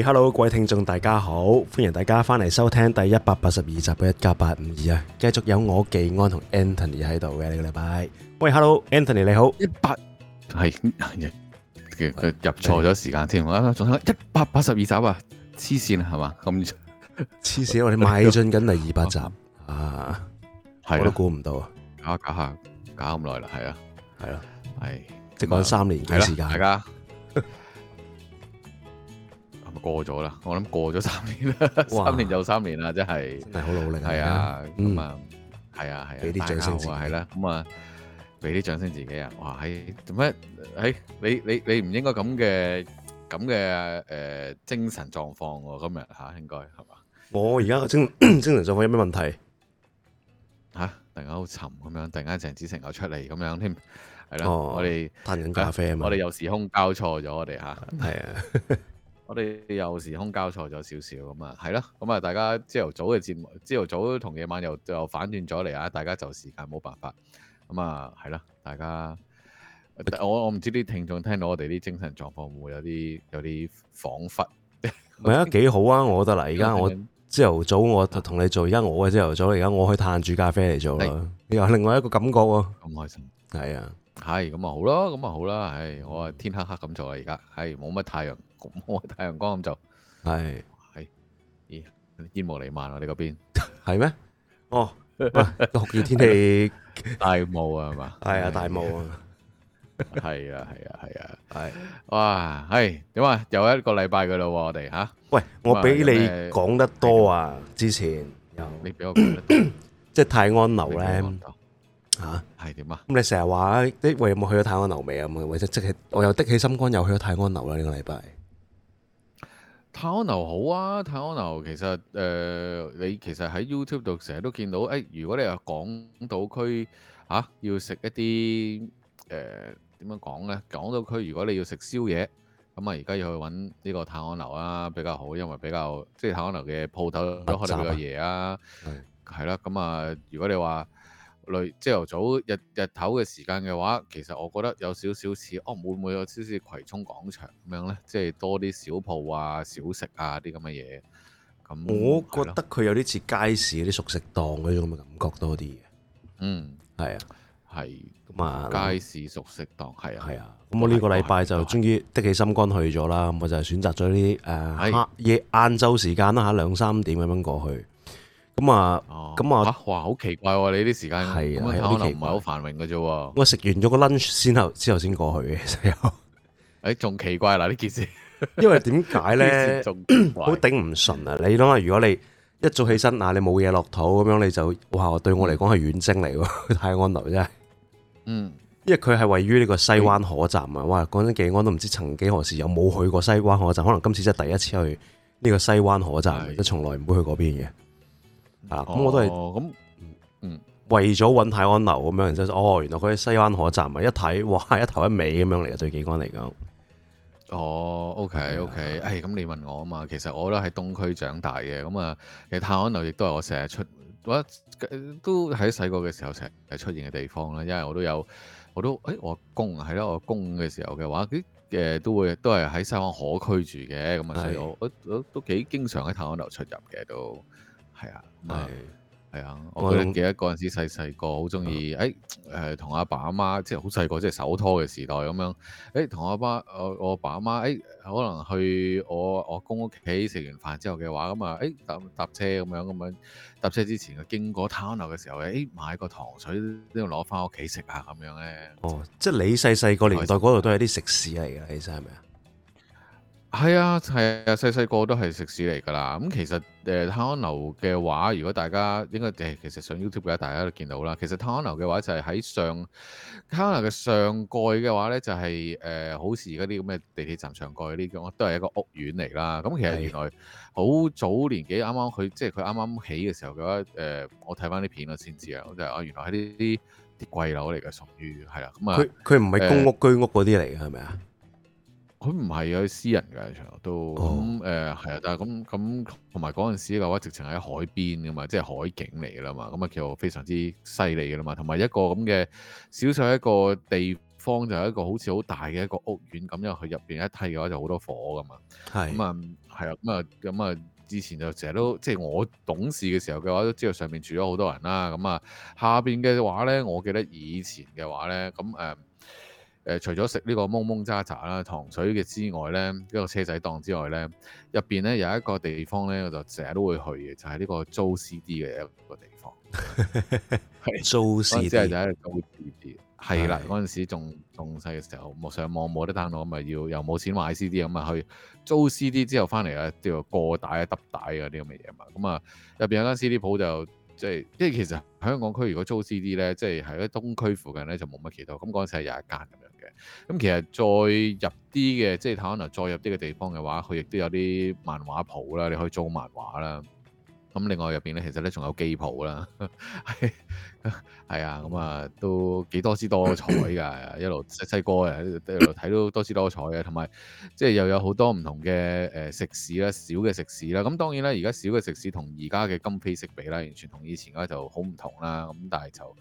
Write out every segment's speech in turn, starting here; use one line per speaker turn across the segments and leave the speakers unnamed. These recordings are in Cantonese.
Hello 各位聽眾，大家好，歡迎大家翻嚟收聽第一百八十二集嘅一家八五二啊！繼續有我技安同 Anthony 喺度嘅，呢個禮拜。喂
，Hello，Anthony 你好。一百係佢、哎、入錯咗時間添，我仲有，一百八十二集啊，黐線是啊，係嘛？咁
黐線，我哋邁進緊第二百集啊，係，我都估唔到啊，搞下搞下，搞咁耐啦，係啊，係咯，係，即係講三年幾時間，大
家。過咗啦，我諗過咗三年啦，哇三年又三年啦，真係係好努力，係啊，咁啊，係啊係啊，俾啲、啊、掌聲自己係啦，咁啊，俾啲、啊、掌聲自己啊，哇，喺做咩？喺、欸、你你你唔應該咁嘅咁嘅誒精神狀況喎，今日吓、啊、應該係嘛？
我而家個精 精神狀況有咩問題？吓突然間好沉
咁樣，突然間鄭子成又出嚟咁樣，係啦、啊，哦、我哋嘆緊咖啡啊嘛，我哋有時空交錯咗，我哋吓係啊。 我哋又時空交錯咗少少咁啊，係咯，咁啊，大家朝頭早嘅節目，朝頭早同夜晚又又反轉咗嚟啊！大家就時間冇辦法，咁啊，係咯，大家我我唔知啲聽眾聽到我哋啲精神狀況會唔會有啲有啲恍惚？
唔係啊，幾 好啊！我覺得啦，而家我朝頭早我同你做，而家我嘅朝頭早而家我去嘆煮咖啡嚟做啦。是又另外一個感覺喎、啊，咁開心，係啊，
係咁啊好咯、啊，咁啊好啦，唉，我啊天黑黑咁做啊，而家係冇乜太陽。我太陽光咁就，係係，咦，煙霧彌漫啊！你嗰邊係咩？哦，落雨天氣大霧啊，係嘛？係啊，大霧啊，係啊，係啊，係啊，係，哇，係點啊？又一個禮拜噶啦，我哋吓，
喂，我俾你講得多啊！之前，你俾我講，即係太安樓咧，吓係點啊？咁你成日話啲，喂有冇去咗太安樓未啊？咁或者即係我又的起心肝，又去咗太安樓啦！呢個禮拜。
太安樓好啊，太安樓其實誒、呃，你其實喺 YouTube 度成日都見到，誒、哎、如果你話港島區嚇要食一啲誒點樣講呢？港島區如果你要食宵夜，咁啊而家要去揾呢個太安樓啊比較好，因為比較即係太安樓嘅鋪頭都可能比較夜啊，係係啦，咁啊、嗯、如果你話。類朝頭早日日頭嘅時間嘅話，其實我覺得有少少似哦，會唔會有少少葵涌廣場咁樣呢，即係多啲小鋪啊、小食啊啲咁嘅嘢。咁我覺得
佢有啲似街市嗰啲熟食檔嗰種嘅感覺多啲
嘅。嗯，
係啊，係咁啊，啊，街
市熟食檔係啊係啊。
咁、啊嗯、我呢個禮拜就終於的起心肝去咗啦。咁我就係選擇咗啲誒喺晏晝時間啦嚇，兩三點咁樣過去。咁啊，咁啊哇，哇，好奇怪喎、啊！你啲時間，太安樓唔係好繁榮嘅啫、啊。我食完咗個 lunch 先後，之後先過去嘅，室仲、哎、奇怪嗱呢件事，因為點解呢？好 頂唔順啊！你諗下，如果你一早起身啊，你冇嘢落肚咁樣，你就哇，對我嚟講係遠征嚟嘅，太安樓真係。
嗯。
嗯，因為佢係位於呢個西灣河站啊，嗯、哇！講真，技安都唔知曾幾何時有冇去過西灣河站，可能今次真係第一次去呢個西灣河站，即係、嗯、從來唔會去嗰邊嘅。咁我都係
咁，
嗯，嗯為咗搵太安樓咁樣，然之哦，原來佢喺西灣河站，咪一睇，哇，一頭一尾咁樣嚟嘅對景觀嚟講。哦，OK OK，
誒、哎呀，咁、哎、你問我啊嘛，其實我都喺東區長大嘅，咁、嗯、啊，其實太安樓亦都係我成日出，都喺細個嘅時候成日出現嘅地方啦。因為我都有，我都誒、哎，我公係咯，我公嘅時候嘅話，誒都會都係喺西灣河區住嘅，咁啊，所以我是我都幾經常喺太安樓出入嘅都。係啊，係係啊，啊嗯、我都記得嗰陣時細細個好中意，誒、嗯，誒，同、欸、阿、呃、爸阿媽，即係好細個，即係手拖嘅時代咁樣，誒，同阿媽，我我阿爸阿媽，誒，可能去我我公屋企食完飯之後嘅話，咁啊，誒，搭搭車咁樣，咁樣，搭車之前嘅經過太安樓嘅時候，誒、欸，買個糖水都要攞翻屋企食啊，咁樣咧，哦，
即係你細細個年代嗰度都係啲食肆嚟噶，其實係咪啊？係
啊，係啊，細細個都係食肆嚟㗎啦。咁、嗯、其實誒，太、呃、安樓嘅話，如果大家應該誒，其實上 YouTube 嘅大家都見到啦。其實太安樓嘅話就係喺上太安樓嘅上蓋嘅話咧，就係、是、誒、呃，好似嗰啲咁嘅地鐵站上蓋嗰啲咁，都係一個屋苑嚟啦。咁、嗯、其實原來好早年紀啱啱佢即係佢啱啱起嘅時候嘅話，誒、呃，我睇翻啲片啦先知啊，就係啊，原來係啲啲貴樓嚟嘅，屬於係啦。咁啊，佢佢唔係公屋、呃、居
屋嗰啲嚟嘅係咪啊？佢唔
係有私人嘅場都咁誒，係啊，但係咁咁同埋嗰陣時嘅話，直情喺海邊嘅嘛，即係海景嚟嘅啦嘛，咁啊叫非常之犀利嘅啦嘛，同埋一個咁嘅小小一個地方就係一個好似好大嘅一個屋苑咁，因為佢入邊一梯嘅話就好多火嘅嘛，係咁啊係啊，咁啊咁啊，之、嗯嗯嗯嗯、前就成日都即係我懂事嘅時候嘅話，都知道上面住咗好多人啦，咁、嗯、啊下邊嘅話咧，我記得以前嘅話咧咁誒。嗯誒、呃、除咗食呢個蒙蒙渣渣啦、糖水嘅之外咧，呢個車仔檔之外咧，入邊咧有一個地方咧，我就成日都會去嘅，就係、是、呢個租 CD 嘅一個地方。
係租 CD，即係就喺度
高啲啲係啦，嗰陣時仲仲細嘅時候，冇 上網冇得 download，咁咪要又冇錢買 CD，咁咪去租 CD 之後翻嚟啊，叫做過帶啊、揼帶啊啲咁嘅嘢嘛。咁、這、啊、個，入邊有間 CD 鋪就即係即係其實香港區如果租 CD 咧，即係喺東區附近咧就冇乜其他，咁嗰陣時係有一間咁樣。咁、嗯、其實再入啲嘅，即係太安樓再入啲嘅地方嘅話，佢亦都有啲漫畫鋪啦，你可以租漫畫啦。咁、嗯、另外入邊咧，其實咧仲有機鋪啦，係 係啊，咁、嗯、啊都幾多姿多彩㗎，一路細細個嘅一路睇到多姿多彩嘅，同埋即係又有好多唔同嘅誒、呃、食肆啦，小嘅食肆啦。咁、嗯、當然啦，而家小嘅食肆同而家嘅今非昔比啦，完全同以前嗰度好唔同啦。咁、嗯、但係就。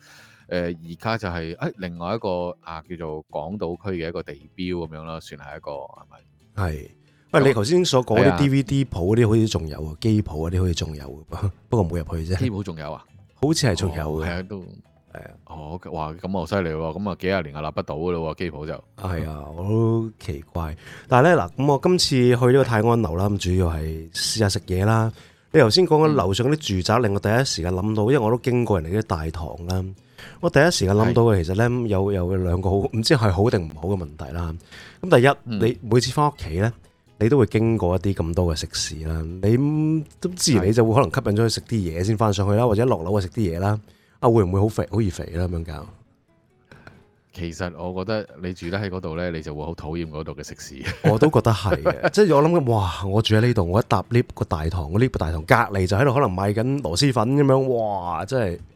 誒而家就係誒另外一個啊叫做港島區嘅一個地標咁樣啦，算係一個係咪？
係，喂是，你頭先所講啲 DVD 鋪嗰啲好似仲有、啊、有，有啊，機鋪嗰啲好似仲有，不過冇入去啫。機鋪
仲有啊？好似係仲有嘅，係啊都係啊，哦哇咁我犀利喎，咁啊幾廿年屹立不倒嘅咯喎，機鋪就
係啊，我都奇怪。但係咧嗱，咁我今次去呢個太安樓啦，咁主要係試下食嘢啦。你頭先講緊樓上啲住宅令、嗯、我第一時間諗到，因為我都經過人哋啲大堂啦。我第一時間諗到嘅，其實咧有有兩個好唔知係好定唔好嘅問題啦。咁第一，你每次翻屋企咧，你都會經過一啲咁多嘅食肆啦。你咁自然你就會可能吸引咗去食啲嘢，先翻上去啦，或者落樓去食啲嘢啦。啊，會唔會好肥好易肥啦？咁樣㗎？其
實我覺得你住得喺嗰度咧，你就會好討厭嗰度嘅食肆。 我都覺得係
即係我諗嘅。哇！我住喺呢度，我一搭 lift 個大堂，我 lift 個大堂隔籬就喺度可能賣緊螺螄粉咁樣。哇！真係～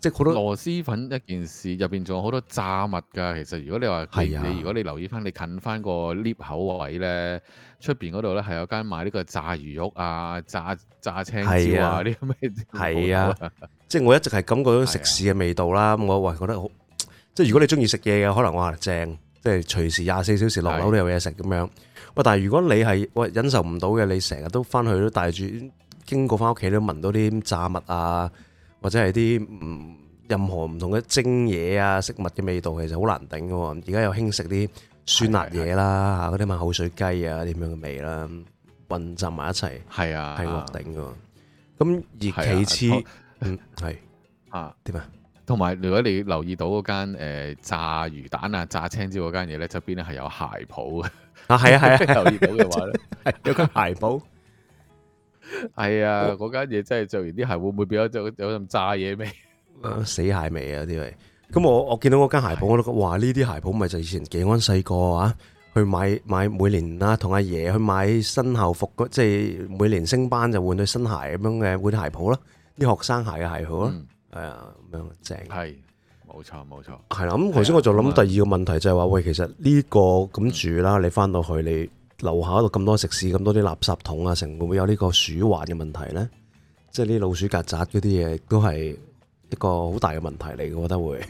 即係好多螺絲粉一件事，入邊仲有好多炸物㗎。其實如果你話你，啊、如果你留意翻，你近翻個 lift 口位咧，出邊嗰度咧係有間賣呢個炸魚肉啊，炸炸青椒啊啲咁嘅。啊，
即係我一直係感覺到食肆嘅味道啦。咁，啊、我喂覺得好，即係如果你中意食嘢嘅，可能我係正，即係隨時廿四小時落樓都有嘢食咁樣。喂，但係如果你係喂忍受唔到嘅，你成日都翻去都帶住經過翻屋企都聞到啲炸物啊～或者係啲唔任何唔同嘅蒸嘢啊，食物嘅味道其實好難頂嘅喎。而家又興食啲酸辣嘢啦，嚇嗰啲乜口水雞啊，啲咁樣嘅味啦，混雜埋一齊，係啊的，係惡頂嘅。咁而其次係的、嗯、啊，點啊？同埋如果你留意到嗰間誒
炸魚蛋啊、炸青椒嗰間嘢咧，側邊咧係有鞋鋪嘅。啊的，係啊， 係啊，留意到嘅話咧，有間鞋鋪。係、 哎、 啊，嗰間嘢真係做完啲鞋會唔會變咗有有陣炸嘢味？
死蟹味啊啲味。咁、嗯嗯嗯、我我見到嗰間鞋鋪我都話呢啲鞋鋪唔係的就以前技安細個啊，去買買每年啊，同阿爺去買新校服，即係每年升班就換對新鞋咁樣嘅換啲鞋鋪啦，啲學生鞋嘅鞋鋪啦、啊，係啊咁樣正係，冇錯冇錯。係啦，咁頭先我就諗第二個問題就係話喂，嗯、其實個呢個咁住啦，你翻到去你。樓下嗰度咁多食肆，咁多啲垃圾桶啊，成會唔會有呢個鼠患嘅問題呢？即係啲老鼠、曱甴嗰啲嘢，都係一個好大嘅問題嚟，我覺得會。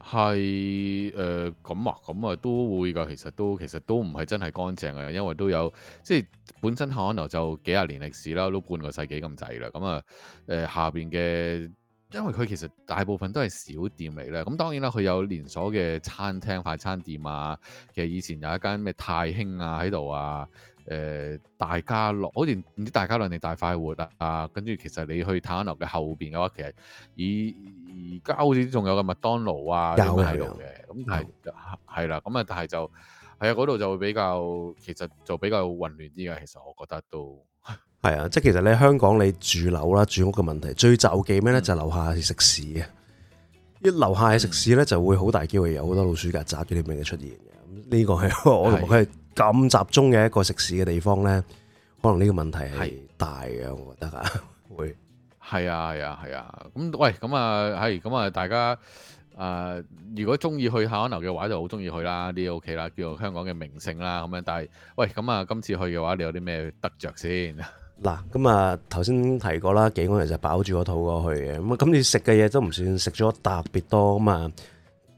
係誒咁啊，咁啊都會㗎。其實都其實都唔係真係乾淨嘅，因為都有即係本身可能就幾廿年歷史啦，都半個世紀咁滯啦。咁啊誒、呃、下邊嘅。因為佢其實大部分都係小店嚟咧，咁、嗯、當然啦，佢有連鎖嘅餐廳、快餐店啊。其實以前有一間咩太興啊喺度啊，誒、呃、大家樂，好似唔知大家樂定大快活啊。跟住其實你去太安樓嘅後邊嘅話，其實而而家好似仲有個麥當勞啊，有喺度嘅。咁但係係啦，咁啊，是有但係就係啊，嗰度就會比較，其實就比較混亂啲嘅。其實我覺得都。
係啊，即係其實你香港你住樓啦，住屋嘅問題最就忌咩咧？就樓、是、下係食肆，嘅、嗯，啲樓下係食肆咧就會好大機會有好多老鼠、曱甴啲咁嘅出現嘅。咁呢、嗯、個係我同佢係咁集中嘅一個食肆嘅地方咧，的可能呢個問題係大嘅，我覺得啊，會係啊係啊係啊。
咁喂，咁啊係，咁啊大家誒、呃，如果中意去太安樓嘅話就，就好中意去啦，啲 O K 啦，叫做香港嘅名勝啦，咁樣。但係喂，咁啊今次去嘅話，你有啲咩得着先？
嗱，咁啊，頭先提過啦，幾個人就飽住個肚過去嘅。咁啊，咁你食嘅嘢都唔算食咗特別多啊嘛，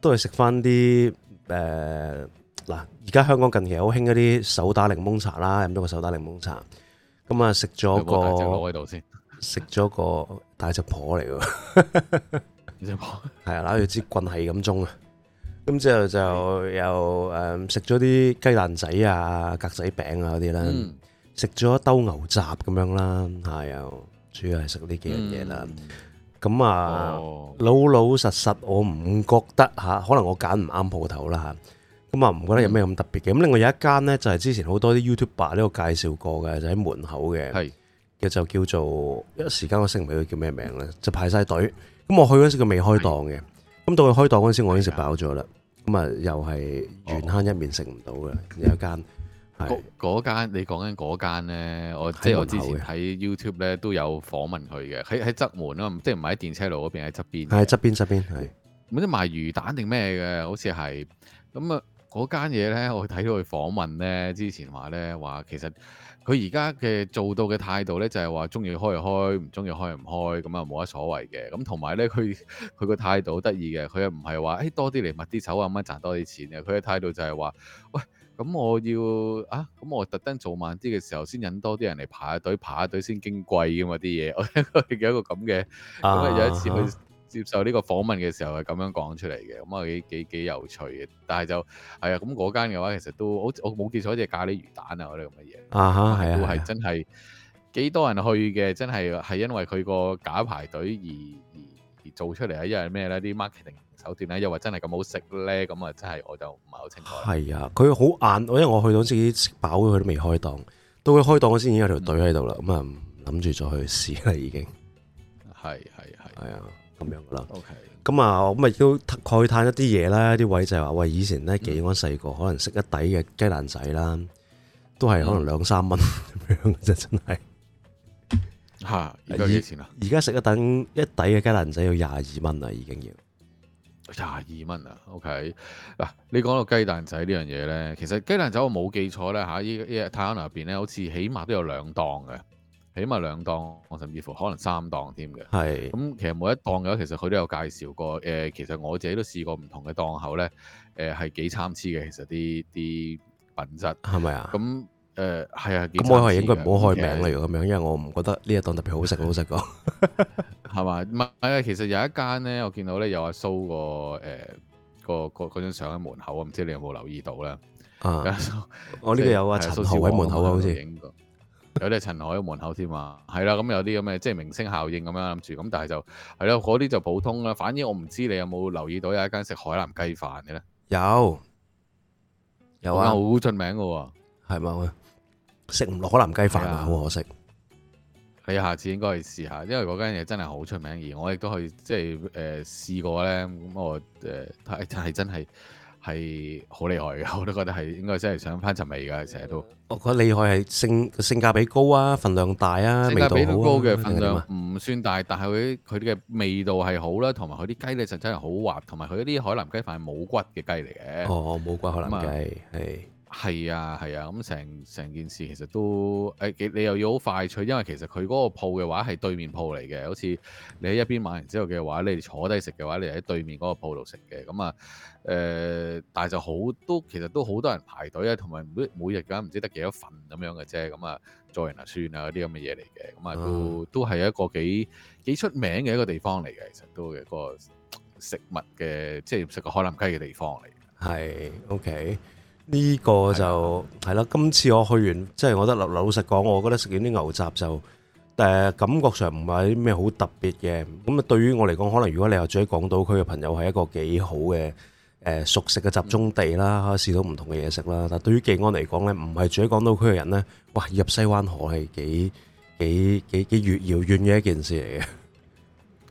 都係食翻啲誒嗱，而家香港近期好興一啲手打檸檬茶啦，飲咗個手打檸檬茶。咁啊，食咗個大隻佬喺度先，食咗個大隻婆嚟嘅，大隻婆。係啊，攞住支棍係咁舂啊。咁之後就又誒食咗啲雞蛋仔啊、格仔餅啊嗰啲啦。食咗一兜牛雜咁樣啦，係啊，主要係食呢幾樣嘢啦。咁啊、嗯，嗯、老老實實，我唔覺得吓，可能我揀唔啱鋪頭啦吓。咁啊，唔覺得有咩咁特別嘅。咁、嗯、另外有一間呢，就係之前好多啲 YouTuber 呢個介紹過嘅，就喺門口嘅，係是，其實就叫做一時間我醒唔起佢叫咩名咧，就排晒隊。咁我去嗰時佢未開檔嘅，咁到佢開檔嗰陣時我已經食飽咗啦。咁啊，又係緣慳一面食唔到嘅，有一間。
嗰間你講緊嗰間咧，我的即係我之前喺 YouTube 咧的都有訪問佢嘅，喺喺側門啊，即係唔係喺電車路嗰邊，喺側邊，邊，喺
側邊側邊係。
咁啲賣魚蛋定咩嘅？好似係咁啊，嗰、嗯、間嘢呢，我睇到佢訪問呢之前話呢，話其實佢而家嘅做到嘅態度呢，就係話中意開就開，唔中意開唔開，咁啊冇乜所謂嘅。咁同埋呢，佢佢個態度好得意嘅，佢又唔係話誒多啲嚟抹啲手啊，咁樣賺多啲錢嘅。佢嘅態度就係話喂。咁我要啊，咁我特登做慢啲嘅時候，先引多啲人嚟排下隊，排下隊先矜貴噶嘛啲嘢，我係 一個咁嘅。咁、uh huh。有一次去接受呢個訪問嘅時候，係咁樣講出嚟嘅，咁啊幾幾幾有趣嘅。但係就係啊，咁嗰間嘅話，其實都好我冇記錯，好似咖喱魚蛋啊嗰啲咁嘅嘢
啊嚇，uh huh。都係真
係幾多人去嘅，真係係因為佢個假排隊而而而做出嚟啊！因為咩咧？啲 marketing。酒店咧又話真係咁好食咧，咁啊真係我就唔
係好清楚。係啊，佢好晏，因為我去到自己食飽，佢都未開檔，到佢開檔我先已經有條隊喺度啦。咁啊諗住再去試啦，已經係係係係啊，咁樣噶啦。OK，咁啊咁啊都慨嘆一啲嘢啦。啲位就係話喂，以前咧技安細個，嗯、可能食一底嘅雞蛋仔啦，都係可能兩三蚊咁、嗯、樣啫，真係吓。而家、啊啊、食一等一底嘅雞蛋仔要廿二蚊啊，已經要。廿二蚊
啊，OK 嗱，你講到雞蛋仔呢樣嘢呢，其實雞蛋仔我冇記錯咧嚇，依、啊、依太安入邊呢，好似起碼都有兩檔嘅，起碼兩檔，我甚至乎可能三檔添嘅。係是，咁、嗯、其實每一檔嘅話，其實佢都有介紹過。誒、呃，其實我自己都試過唔同嘅檔口呢，誒，係幾參差嘅。其實啲啲品質係咪啊？咁吧。嗯
誒，係啊，咁我可應該唔好開名嚟，如果咁樣，因為我唔覺得呢一檔特別好食，好食個
係嘛？唔係啊，其實有一間咧，我見到咧有阿蘇個誒個嗰張相喺門口，我唔知你有冇留意到咧？
我呢度有啊。陳豪喺門口啊，好似
有啲陳海喺門口添啊。係啦，咁有啲咁嘅即係明星效應咁樣諗住，咁但係就係咯，嗰啲就普通啦。反而我唔知你有冇留意到有一間食海南雞飯嘅咧？
有，有啊，好出名嘅。係咪啊？食唔落海南雞飯啊，好的可惜。
你下次應該去試下，因為嗰間嘢真係好出名。而我亦都去即係誒試過咧，咁、嗯、我誒睇係真係係好厲害嘅，我都覺得係應該真係想翻尋味㗎，成日都。
我、哦、覺得厲害係性性價比高啊，份量大啊，性價格比都、啊、高嘅份量
唔算大，但係佢佢啲嘅味道係好啦，同埋佢啲雞咧實真係好滑，同埋佢啲海南雞飯係冇骨嘅雞嚟嘅。哦，冇骨海南雞係。係啊，係啊，咁成成件事其實都誒，你、哎、又要好快脆，因為其實佢嗰個鋪嘅話係對面鋪嚟嘅，好似你喺一邊買完之後嘅話，你坐低食嘅話，你喺對面嗰個鋪度食嘅，咁啊誒，但係就好都其實都好多人排隊啊，同埋每每日梗係唔知得幾多份咁樣嘅啫，咁、嗯、啊做人啊算啊嗰啲咁嘅嘢嚟嘅，咁啊、嗯嗯、都都係一個幾幾出名嘅一個地方嚟嘅，其實都嘅、嗰個食物嘅即係食個海南雞嘅地方嚟
嘅。係，OK。呢個就係啦的，今次我去完，即係我覺得老老實講，我覺得食完啲牛雜就誒、呃、感覺上唔係啲咩好特別嘅。咁啊，對於我嚟講，可能如果你話住喺港島區嘅朋友，係一個幾好嘅誒、呃、熟食嘅集中地啦，可以試到唔同嘅嘢食啦。但對於技安嚟講呢，唔係住喺港島區嘅人呢。哇！入西灣河係幾幾幾幾越遙遠嘅一件事嚟嘅。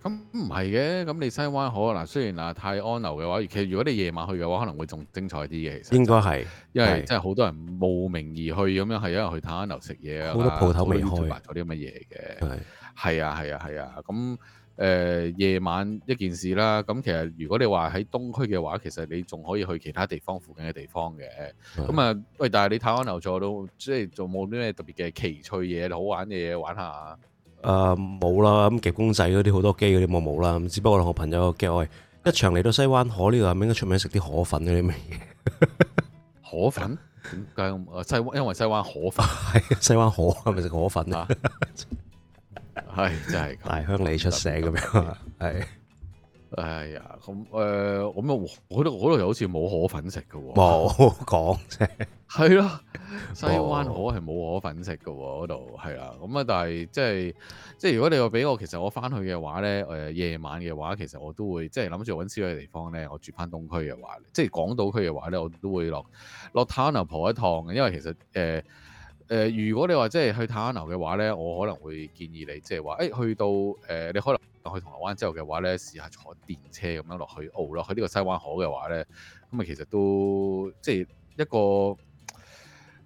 咁唔係嘅，咁你西灣河嗱，雖然嗱太安樓嘅話，其實如果你夜晚去嘅話，可能會仲精彩啲嘅。其實就是、應該係，
因為真
係好多人慕名而去咁樣，係的因為去太安樓食嘢啊，好多鋪頭未開，做啲乜嘢嘅。係啊係啊係啊，咁誒、呃、夜晚一件事啦。咁其實如果你話喺東區嘅話，其實你仲可以去其他地方附近嘅地方嘅。咁啊的，喂，但係你太安樓坐到即係、就是、做冇啲咩特別嘅奇趣嘢、好玩嘅嘢玩下。
誒冇啦，咁、嗯、夾公仔嗰啲好多機嗰啲冇冇啦，只不過我兩朋友夾開、哎、一場嚟到西灣河呢度，係咪應該出名食啲河粉嗰啲味？
河粉咁西灣，因為西
灣河係、啊、西灣河係咪食河粉啊？係 就係、是、大鄉里出社咁樣。係。
哎呀，咁、嗯、誒，咁、呃、又我覺得嗰度又好似冇河粉食嘅喎，
冇講啫，係咯，
西灣河係冇河粉食嘅喎，嗰度係啦，咁啊、嗯，但係即係即係如果你話俾我，其實我翻去嘅話咧，誒、呃、夜晚嘅話，其實我都會即係諗住揾少嘅地方咧，我住翻東區嘅話，即係港島區嘅話咧，我都會落落屯門蒲一趟嘅，因為其實誒誒、呃呃，如果你話即係去屯門嘅話咧，我可能會建議你即係話，誒、哎、去到誒、呃、你可能。去銅鑼灣之後嘅話咧，試下坐電車咁樣落去澳落去呢個西灣河嘅話咧，咁啊，其實都即係一個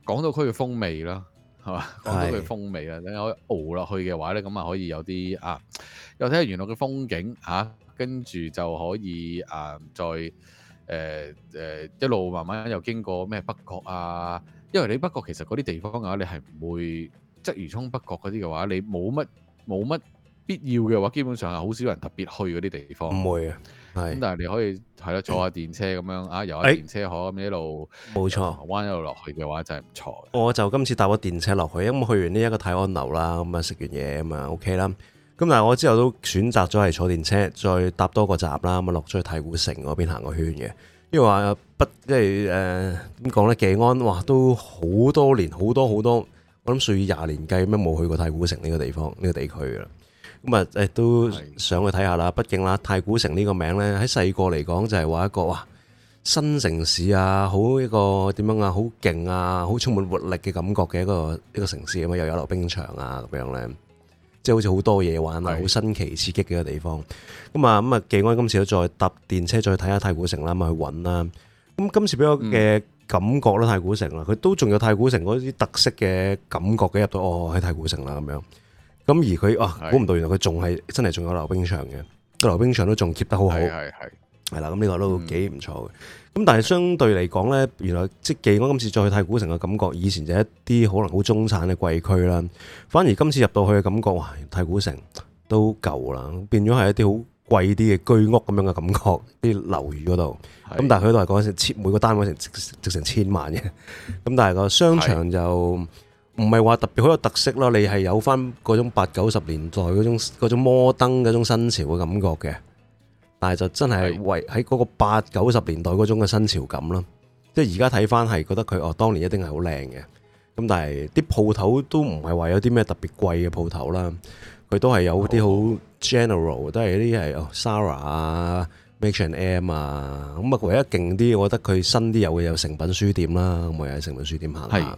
港島區嘅風味咯，係嘛？港島區嘅風味啊，你可以澳落去嘅話咧，咁啊，可以有啲啊，又睇下沿路嘅風景嚇，跟、啊、住就可以啊，再誒誒、呃呃、一路慢慢又經過咩北角啊，因為你北角其實嗰啲地方嘅、啊、話，你係唔會擠如衝北角嗰啲嘅話，你冇乜冇乜。必要嘅話，基本上係好少人特別去嗰啲地方。唔會啊，係咁，但係你可以係咯，坐下電車咁樣啊，嗯、遊下電車河咁、欸、一路，冇錯，彎一路落去嘅話，真係唔錯。
我就今次搭個電車落去，因咁去完呢一個太安樓啦，咁啊食完嘢咁啊 OK 啦。咁但係我之後都選擇咗係坐電車，再搭多個站啦，咁啊落咗去太古城嗰邊行個圈嘅，因為話不即係誒點講咧？技、呃、安哇都好多年，好多好多，我諗數以廿年計咁樣冇去過太古城呢個地方呢、呢個地區啦。咁啊，誒都上去睇下啦。畢竟啦，太古城呢個名咧，喺細個嚟講就係話一個哇新城市啊，好一個點樣啊，好勁啊，好充滿活力嘅感覺嘅一個一個城市啊，又有溜冰場啊咁樣咧，即係好似好多嘢玩啊，好是新奇刺激嘅一個地方。咁啊，咁啊，技安今次都再搭電車再睇下太古城啦，咁去揾啦。咁今次俾我嘅感覺啦，嗯、太古城啦，佢都仲有太古城嗰啲特色嘅感覺嘅，入到哦喺太古城啦咁樣。咁而佢哇，估唔到原來佢仲係真係仲有溜冰場嘅，個溜冰場都仲 keep 得好好，係係係啦。咁呢個都幾唔錯嘅。咁、嗯、但係相對嚟講呢，原來即係我今次再去太古城嘅感覺，以前就一啲可能好中產嘅貴區啦，反而今次入到去嘅感覺，哇！太古城都舊啦，變咗係一啲好貴啲嘅居屋咁樣嘅感覺，啲樓宇嗰度。咁是但係佢都係講緊每個單位成值成千萬嘅。咁但係個商場就。唔係話特別好有特色咯，你係有翻嗰種八九十年代嗰種摩登嗰種新潮嘅感覺嘅，但係就真係係喺嗰個八九十年代嗰種嘅新潮感咯。即係而家睇翻係覺得佢哦，當年一定係好靚嘅。咁但係啲鋪頭都唔係話有啲咩特別貴嘅鋪頭啦，佢都係有啲好 general，都係啲係哦 Zara 啊，Mansion M 啊，咁啊唯一勁啲，我覺得佢新啲有嘅有誠品書店啦，咁又喺誠品書店行下。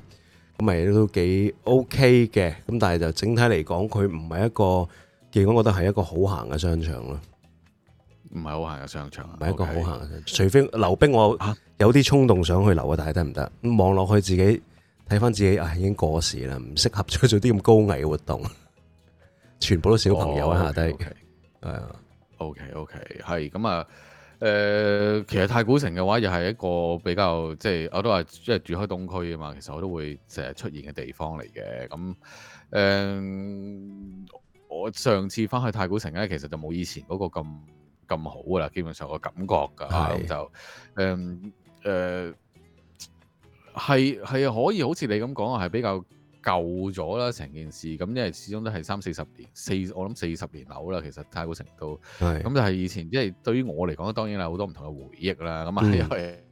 咁咪都幾 OK 嘅，咁但係就整體嚟講，佢唔係一個，其實我覺得係一個好行嘅商場咯。唔係好行嘅商場，唔係一個好行嘅商場。Okay. 除非溜冰我有啲衝動想去溜啊，但係得唔得？望落去自己睇翻自己，唉，已經過時啦，唔適合做做啲咁高危嘅活動。全部都小朋友喺下低，係啊，oh,OK OK，係咁，okay, okay. 啊。誒、呃，其實太
古城嘅話，又係一個比較即係，我都話即係住開東區啊嘛。其實我都會成日出現嘅地方嚟嘅。咁誒、呃，我上次翻去太古城咧，其實就冇以前嗰個咁咁好㗎啦。基本上個感覺㗎，是覺就誒誒，係、呃、係、呃、可以好似你咁講啊，係比較。舊咗啦成件事，咁因為始終都係三四十年，四我諗四十年樓啦，其實太古城都，咁就係以前，因為對於我嚟講，當然有好多唔同嘅回憶啦。咁啊、就是，嗯、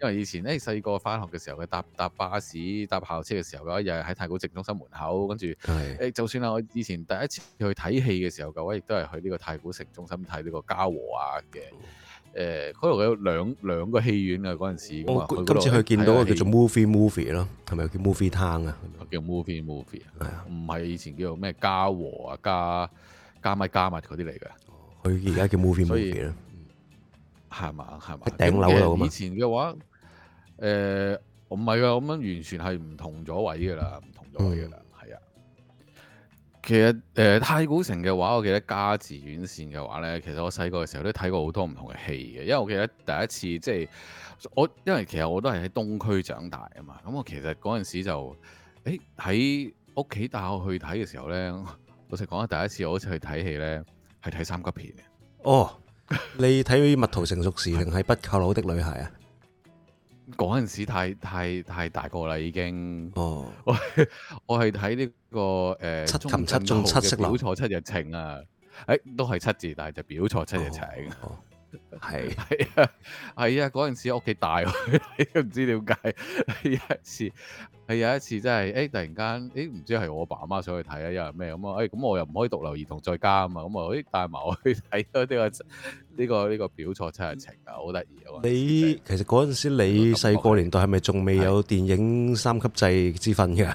因為以前呢，細個返學嘅時候，佢搭搭巴士、搭校車嘅時候，各位又係喺太古城中心門口跟住，誒是就算係我以前第一次去睇戲嘅時候，各位亦都係去呢個太古城中心睇呢個嘉禾啊嘅。嗯誒嗰度有兩兩個戲院嘅嗰陣時，我今次去見到個叫做
Movie Movie 咯，係咪叫 Movie Town 啊？
叫 Movie Movie 啊，唔係以前叫咩嘉禾啊、嘉嘉麥嘉麥嗰啲嚟嘅，
佢而家叫 Movie Movie
啦，係嘛，係嘛，頂樓度啊嘛。以前嘅話，誒唔係噶，咁樣完全係唔同咗位嘅啦，唔同咗位嘅啦。其實誒、呃、太古城嘅話，我記得家字院線嘅話呢，其實我細個嘅時候都睇過好多唔同嘅戲嘅，因為我記得第一次即係我因為其實我都係喺東區長大啊嘛，咁我其實嗰陣時就誒喺屋企帶我去睇嘅時候呢，老實講啊，第一次我好似去睇戲呢，係睇三級
片嘅，哦，你睇蜜桃成熟時定係不扣鈕的女孩啊？
嗰陣時太太太大個啦，已經。哦， 我係我係睇呢個誒、呃、七七中七色林表錯七日情啊！誒、嗯，都係七字，但係就表錯七日情。哦哦。係係啊係啊！嗰陣、啊、時屋企大，都唔知點解。 有一次，係有一次真係，誒突然間，誒、欸、唔知係我爸阿媽想去睇啊，又係咩咁啊？誒、欸、咁我又唔可以獨留兒童在家啊嘛，咁、嗯、我誒帶埋去睇咗呢個呢、這個呢、這個表錯七日情啊，好得意啊！你
其實嗰陣時你細個年代係咪仲未有電影三級制之分嘅？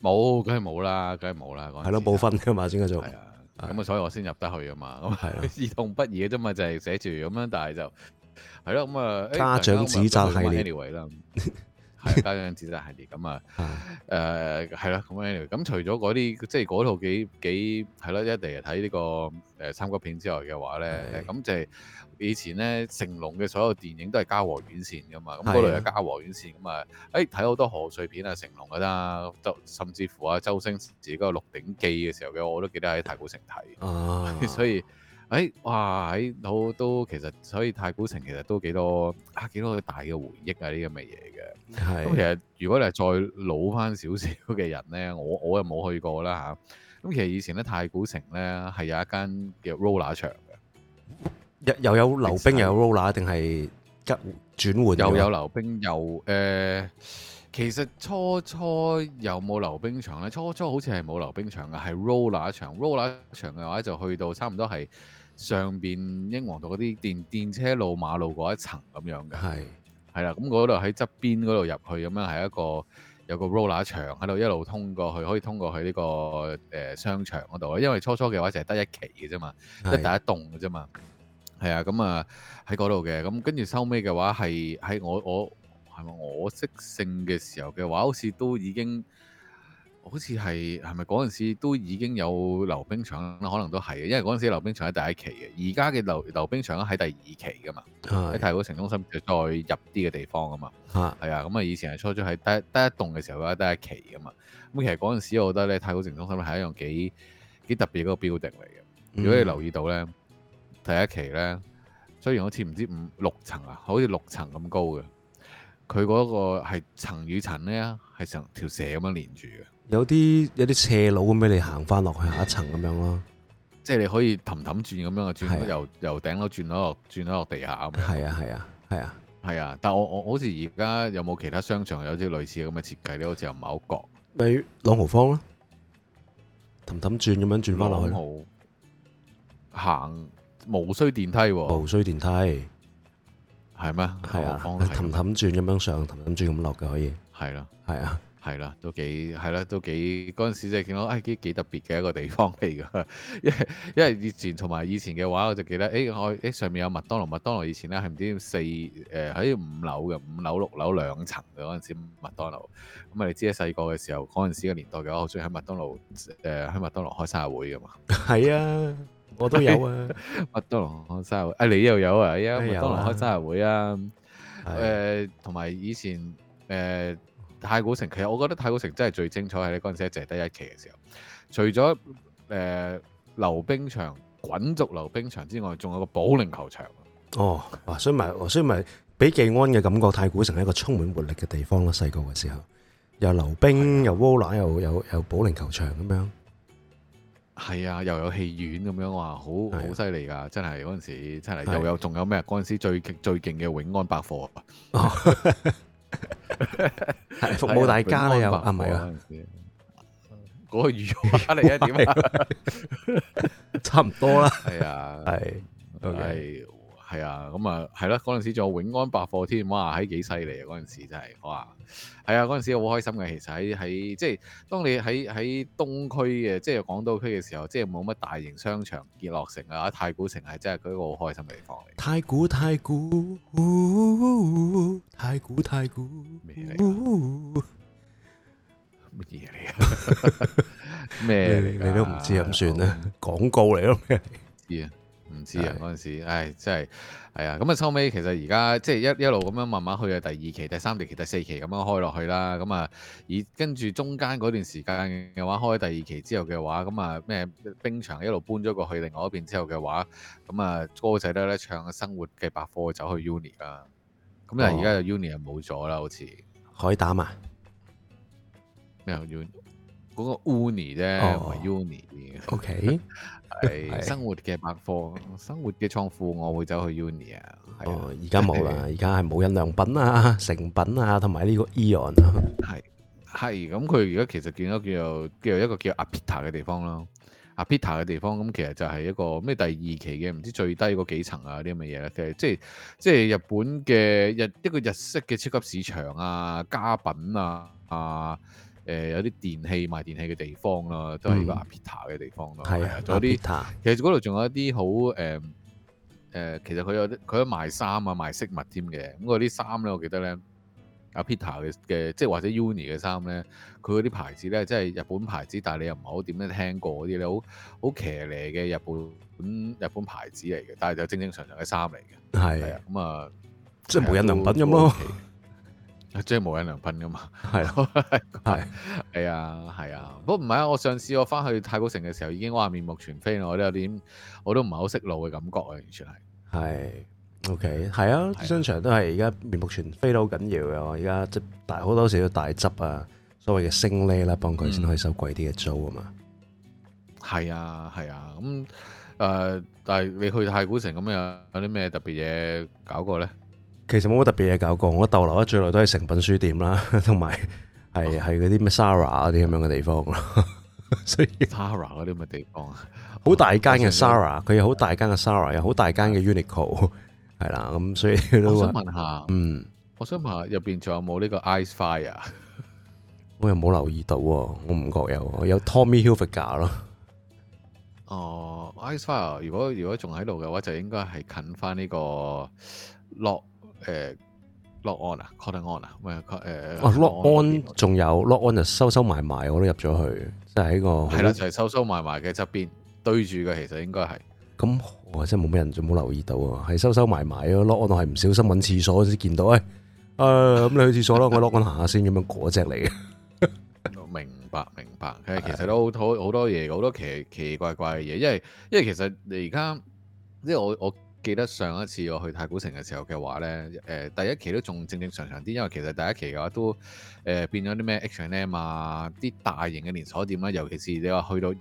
冇， 梗係冇啦，梗係冇啦。係咯，冇分噶嘛先嘅就。
咁啊、嗯，所以我先入得去啊嘛，咁係啊，兒童不宜嘅啫嘛，就係、是、寫住咁樣，但係就係咯，咁、嗯、啊、嗯哎、家長指責係 anyway 啦，係家長指責系列，咁啊誒係咯，咁 anyway，咁除咗嗰啲即係嗰套幾幾係咯，一定係睇呢個誒三級片之外嘅話咧，咁的就係、是。以前咧，成龍嘅所有電影都係嘉禾院線嘅嘛，咁嗰、啊、類喺嘉禾院線咁啊，誒睇好多賀歲片啊，成龍嘅啦、啊，周甚至乎啊周星馳自己個《鹿鼎記》嘅時候嘅，我都記得喺太古城睇。啊、所以誒、哎，哇，喺好都其實，所以太古城其實都幾多啊，幾多大嘅回憶啊，呢啲咁嘅嘢嘅。咁、啊、其實如果你係再老翻少少嘅人咧，我我又冇去過啦嚇。咁、啊、其實以前咧，太古城咧係有一間
叫 roller 場嘅。又有溜冰又有 roller 定係急轉換？又有溜
冰又誒，其實初初有冇溜冰場咧？初初好似係冇溜冰場嘅，係 roller 場。roller 場嘅話就去到差唔多係上邊英皇道嗰啲電電車路馬路嗰一層咁樣嘅。係係啦，咁嗰度喺側邊嗰度入去咁樣係一個有個 roller 場喺度一路通過去，可以通過去呢個誒、呃、商場嗰度。因為初初嘅話就係得一期嘅啫嘛，即係第一棟嘅啫嘛。係啊，咁啊喺嗰度嘅，咁跟住收尾嘅話，係喺我我係咪我識性嘅時候嘅話，好似都已經好似係係咪嗰陣時都已經有溜冰場啦？可能都係嘅，因為嗰陣時溜冰場喺第一期嘅，而家嘅溜溜冰場喺第二期噶嘛，喺的太古城中心再入啲嘅地方噶嘛，係啊，咁啊、嗯、以前係初初係得得一棟嘅時候咧，得一期噶嘛，咁、嗯、其實嗰陣時我覺得咧，太古城中心係一樣幾幾特別嗰個 building 嚟嘅，如果你留意到咧。嗯第一期咧，雖然好似唔知五六層啊，好似六層咁高嘅，佢嗰個係層與層咧，係成條蛇咁樣連住
嘅。有啲有啲斜路咁俾你行翻落去下一層咁樣咯，
即係你可以氹氹轉咁樣轉啊，轉到由由頂樓轉到落轉落地下啊嘛。係啊係啊係啊係啊，但我我好似而家有冇其他商場有啲類似咁嘅設計咧？好似又唔係好覺。
例如朗豪坊啦、啊，氹氹轉咁樣轉翻落去行。無需電梯喎、啊，無需電梯，係咩嗎？係啊，氹氹轉咁樣上，氹氹轉咁落嘅可以，係啦，係啊，係啦、啊啊，都幾，
係啦、啊，都幾嗰陣、啊、時就見到，哎，幾幾特別嘅一個地方嚟㗎，因為因為以前同埋以前嘅話，我就記得，哎、欸，我誒上面有麥當勞，麥當勞以前咧係唔知四誒喺、呃、五樓嘅，五樓六樓兩層嘅嗰陣時麥當勞，咁、嗯、啊你知咧細個嘅時候嗰陣時嘅年代嘅話，我鍾意喺麥當勞誒喺、呃、麥當勞開生日會㗎嘛，
係 啊。我都有啊，
麥當勞開生日會，誒、啊、你又有啊，依家麥當勞開生日會啊，誒同埋以前誒、呃哎、呀太古城，其實我覺得太古城真係最精彩係你嗰陣時，淨係得一期嘅時候，除咗誒溜冰場、滾軸溜冰場之外，仲有個保齡球場。哦，
哇！所以咪、就是、所以咪俾技安嘅感覺，太古城係一個充滿活力嘅地方咯。細個嘅時候，又溜冰，又窩卵，又有 ola，有，有，有保齡球場咁樣。係啊，又有戲院咁樣話，
好好犀利㗎，真係嗰陣時真，真係、啊、又有仲有咩啊？嗰陣時最最勁嘅永安百貨， 哦 啊、服務大家啦，又啊唔係啊，嗰個預測嚟一點差唔多啦，係啊，係、 啊，係。 係啊，咁啊，係咯，嗰陣時仲有永安百貨添，哇，喺幾犀利啊！嗰陣時真係，哇，係啊，嗰陣時我好開心嘅。其實喺即係，當你喺喺東區嘅，即係港島區嘅時候，即係冇乜大型商場，杰樂城啊，太古城係真係佢一個好開心嘅地方嚟。
太古太古，太古、哦、太古，咩嚟啊？咩？ 你都唔知咁、嗯、算啊。廣告嚟咯咩？
知啊？唔知啊，嗰陣時，唉，真係係啊，咁啊，後尾。其實而家即係一一路咁樣慢慢去到，第二期、第三期、第四期咁樣開落去啦，咁啊，而跟住中間嗰段時間嘅話，開第二期之後嘅話，咁啊咩冰場一路搬咗過去另外一邊之後嘅話，咁啊歌仔都咧唱生活嘅百貨走去 UNI 啊，
咁而家
又 UNI 冇咗啦，好似海膽啊咩 u n 嗰個 Uni 啫，唔係 Uni。O.K. 是生活
嘅百貨， 生活嘅倉庫，我會走去 Uni 啊。係啊，而家冇啦，而家係冇印良品啊、成品啊，同埋呢個 eon。係係咁，佢而家
其實見到叫做叫做一個叫 Apita 嘅地方咯。Apita 嘅地方咁、嗯，其實就係一個咩第二期嘅，唔知最低嗰幾層啊啲咁嘅嘢咧。即係即係日本嘅日一個日式嘅超級市場啊，家品啊啊～誒、呃、有啲電器賣電器嘅地方啦，都係呢個阿 Pita 嘅地方咯。係啊的，有阿 Pita 其實嗰度仲有一啲好誒誒，其實佢有啲佢都賣衫啊，賣飾物添嘅。咁嗰啲衫咧，我記得咧阿 Pita 嘅嘅，即係或者 Uniq 嘅衫咧，佢嗰啲牌子咧，即係日本牌子，但係你又唔係好點樣聽過嗰啲咧，好好騎呢嘅日本日本牌子嚟嘅，但係就正正常常嘅衫嚟嘅。係啊的，咁啊，即係無印良品咁咯。即係無印良品噶嘛，係咯，係係啊，係 啊，啊不過唔係啊，我上次我翻去太古城嘅時候已經話面目全非啦，我都有啲，我都唔係好識路嘅感覺啊，完全係。
係，OK，係啊，啊商場都係而家面目全非都好緊要嘅，而家即係大好多時要大執啊，所謂嘅升呢啦，幫佢先可以收貴啲嘅租啊嘛、嗯。係啊，係啊，咁、
啊、誒，但係你去太古城咁有有啲咩特別嘢搞過咧？
其實冇乜特別嘢搞過，我逗留得最耐都係誠品書店啦，同埋係係嗰啲咩 Zara 嗰啲咁樣嘅地方咯，
所以 Zara 嗰啲咁嘅地方，
好大間嘅 Zara，佢有好大間嘅 Zara，有好大間嘅 Uniqlo，係啦，咁所以都我想問下，嗯，
我想問下入邊仲有冇呢個 Ice Fire？
我又冇留意到，我唔覺有，有 Tommy Hilfiger 咯。
哦，uh，Ice Fire，如果如果仲喺度嘅話，就應該係近翻、這、呢個落。誒，LOG-ON 啊，Cotton On 啊，唔係，誒，哦，LOG-ON
仲有 LOG-ON 就收收埋埋，我都入咗去，即係喺個係啦，就係、是就是、收
收埋埋嘅側邊堆住嘅，其實應該係。
咁我真係冇咩人仲冇留意到啊，係收收埋埋咯，LOG-ON 我係唔小心揾廁所先見到，誒、哎，啊、呃，咁你去廁所咯，我 LOG-ON 行下先咁樣，嗰隻嚟嘅。
明白明白，其實都好好多嘢，好多，多奇奇怪怪嘅嘢，因為因為其實你而家即係我我。我記得上一次我去太古城嘅時候嘅話咧，誒、呃、第一期都仲正正常常啲，因為其實第一期嘅話都誒、呃、變咗啲咩 H&M 啊，啲大型嘅連鎖店啦、啊，尤其是你話去到入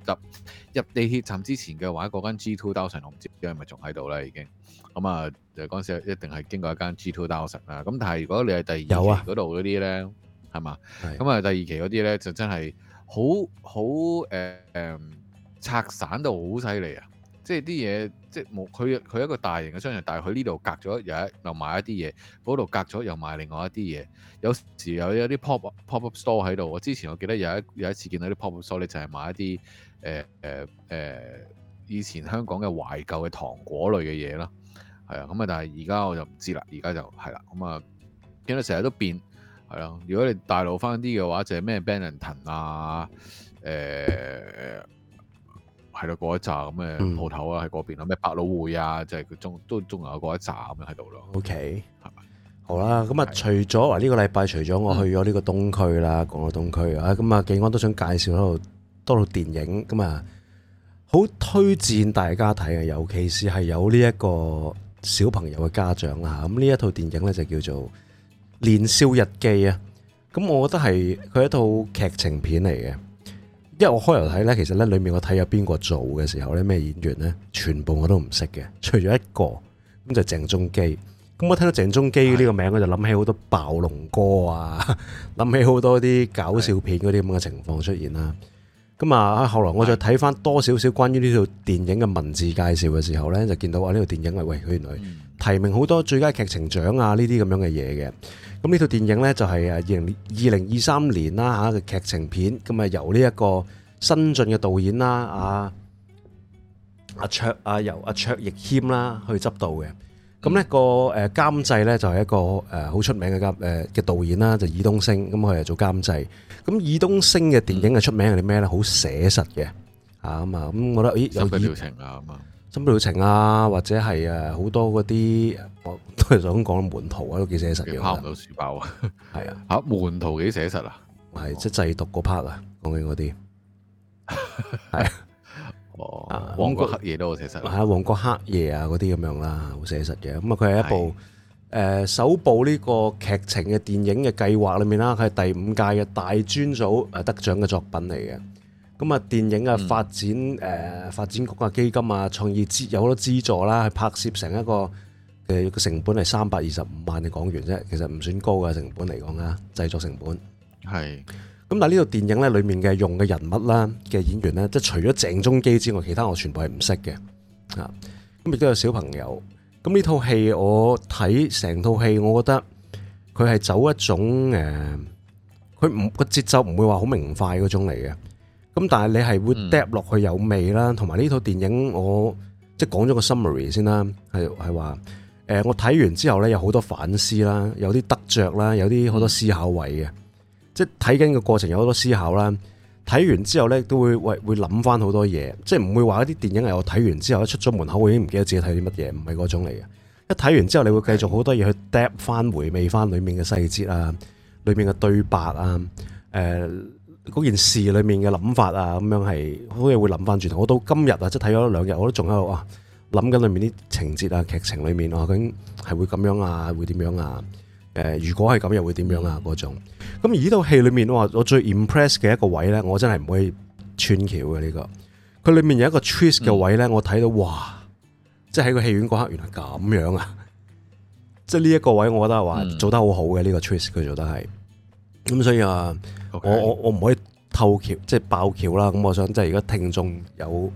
入地鐵站之前嘅話，嗰間 G2000，我唔知係咪仲喺度啦已經。咁、嗯、啊，就嗰陣時一定係經過一間 G2000 啊。咁但係如果你係第二期嗰度嗰啲咧，係嘛？咁啊第二期嗰啲咧就真係好好誒誒拆散到好犀利啊！即係啲嘢。即冇佢，佢一個大型嘅商場，但係佢呢度隔咗又買隔又賣一啲嘢，嗰度隔咗又賣另外一啲嘢。有時有一啲 pop up, pop up store 喺度。我之前我記得有一有一次見到啲 pop up store 咧，就係賣一啲誒誒誒以前香港嘅懷舊嘅糖果類嘅嘢咯。係啊，咁啊，但係而家我就唔知啦。而家就係啦，咁啊，見、嗯、到成日都變係咯。如果你大路翻啲嘅話，就係咩 Baleno 啊誒。呃係咯，過一站咁嘅鋪頭啊，喺嗰邊啊，咩百老匯啊，即係佢仲都仲有過一站咁喺度咯。O K，係咪？
好啦，咁啊，除咗話呢個禮拜，除咗我去咗呢個東區啦，講到東區啊，咁啊，技安都想介紹多套多套電影咁啊，好推薦大家睇啊，尤其是係有呢一個小朋友嘅家長啦，咁、啊、呢一套電影咧就叫做《年少日記》啊，咁我覺得係佢一套劇情片嚟嘅。因為我開頭睇咧，其實咧裏面我睇有邊個做嘅時候咧，咩演員咧，全部我都唔識嘅，除咗一個，咁就鄭中基。咁我聽到鄭中基呢個名，我是的 就諗起好多暴龍哥啊，諗起好多啲搞笑片嗰啲咁嘅情況出現啦。咁啊！後來我再睇翻多少少關於呢套電影嘅文字介紹嘅時候咧，就見到啊呢套電影啊，喂，原來提名好多最佳劇情獎啊呢啲咁樣嘅嘢嘅。咁呢套電影咧就係啊二零二零二三年啦嚇嘅劇情片。咁啊由呢一個新晉嘅導演啦啊啊卓啊由啊卓亦謙啦去執導嘅。咁呢個誒監製咧就係一個誒好出名嘅監誒嘅導演啦，就爾冬升。咁佢係做監製。咁爾冬陞嘅電影係出名係啲咩咧？好寫實嘅啊咁啊，咁我覺得，咦，有《三鏢情》啊，咁啊，《三鏢情》啊，或者係誒好多嗰啲，我都係想講《門徒》啊，都幾寫實嘅。拋唔到書包啊，係啊，吓《門徒》幾寫實啊？係即係製毒嗰 part 啊，講緊嗰啲係哦。《旺角黑夜》都好寫實，係《旺角黑夜》啊，嗰啲咁樣啦，好寫實嘅。咁啊，佢係一部。誒首部呢個劇情嘅電影嘅計劃裏面啦，佢係第五屆嘅大專組誒得獎嘅作品嚟嘅。咁啊，電影嘅發展誒、嗯呃、發展局啊基金啊，創意資有好多資助啦，去拍攝成一個嘅、呃、成本係三百二十五萬嘅港元啫。其實唔算高嘅成本嚟講啦，製作成本。係是。咁但係呢套電影咧，裡面嘅用嘅人物啦嘅演員咧，即係除咗鄭中基之外，其他我全部係唔識嘅。啊，咁亦都有小朋友。咁呢套戲我睇成套戲，我覺得佢係走一種誒，佢唔個節奏唔會話好明快嗰種嚟嘅。咁但係你係會 drop 落去有味啦，同埋呢套電影我即係講咗個 summary 先啦，係係話誒，我睇完之後咧有好多反思啦，有啲得着啦，有啲好多思考位嘅，即係睇緊嘅過程有好多思考啦。睇完之後呢，都會會會諗翻好多嘢，即係唔會話一啲電影係我睇完之後一出咗門口，我已經唔記得自己睇啲乜嘢，唔係嗰種嚟嘅。一睇完之後，你會繼續好多嘢去 Depth 翻回味翻裡面嘅細節啊，裡面嘅對白啊，誒嗰件事裡面嘅諗法啊，咁樣係好似會諗翻轉頭。我到今日啊，即係睇咗兩日，我都仲喺度啊，諗緊裡面啲情節啊、劇情裡面啊，究竟係會咁樣啊，會點樣啊？誒，如果係咁又會點樣啊？嗰種咁而呢套戲裏面，我我最 impress 嘅一個位咧，我真係唔可以穿橋嘅呢個。佢裏面有一個 twist 嘅位咧，我睇到哇，即係喺個戲院嗰刻，原來咁樣啊！即係呢一個位，我覺得係話做得好好嘅呢個 twist 佢做得係咁，所以啊，我我我唔可以透橋即係爆橋啦。咁我想即係而家聽眾有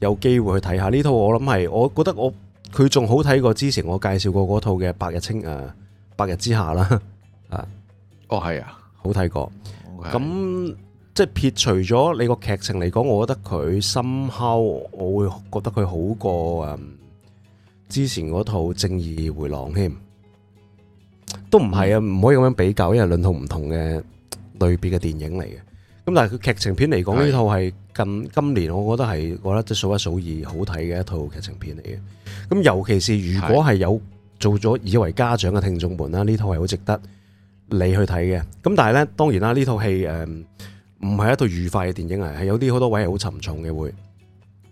有機會去睇下呢套，我諗係我覺得我佢仲好睇過之前我介紹過嗰套嘅《白日清》啊。白日之下啦， 哦、啊，哦係啊，好睇過，咁即係撇除咗你個劇情嚟講，我覺得佢深刻，我會覺得佢好過誒，之前嗰套《正義回廊》添，都唔係啊，唔可以咁樣比較，因為兩套唔同嘅類別嘅電影嚟嘅。咁但係佢劇情片嚟講，呢的套係近今年我覺得，我覺得係覺得即係數一數二好睇嘅一套劇情片嚟嘅。咁尤其是如果係有。做咗以為家長嘅聽眾們啦，呢套係好值得你去睇嘅。咁但係呢，當然啦，呢套戲誒唔係一套愉快嘅電影嚟，係有啲好多位係好沉重嘅會。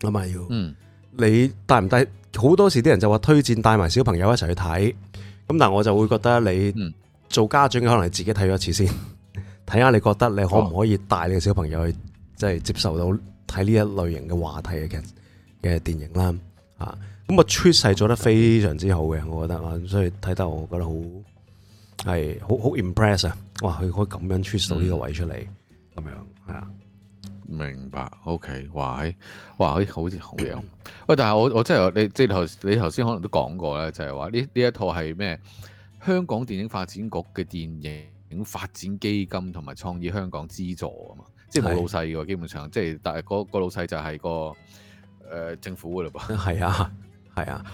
咁啊要，你帶唔帶？好多時啲人就話推薦帶埋小朋友一齊去睇。咁但係我就會覺得你、嗯、做家長嘅，可能你自己睇咗一次先，睇 下你覺得你可唔可以帶你嘅小朋友去，即係接受到睇呢一類型嘅話題嘅劇嘅電影啦，啊。咁啊 choose 做得非常之好嘅，我覺得啊，所以睇得我覺得好係好好 impress 啊！Imp ress，哇，佢可以咁樣 choose 到呢個位出嚟，咁、嗯、樣係啊。明白，OK，哇，哇，好似好樣。喂， 但係我我
真係你即係頭你頭先可能都講過咧，就係話呢呢一套係咩？香港電影發展局嘅電影發展基金同埋創意香港資助啊嘛，即係冇老細噶，基本上即係是的 但係嗰個老細就係個誒、呃、政府噶啦噃，係啊。
係啊，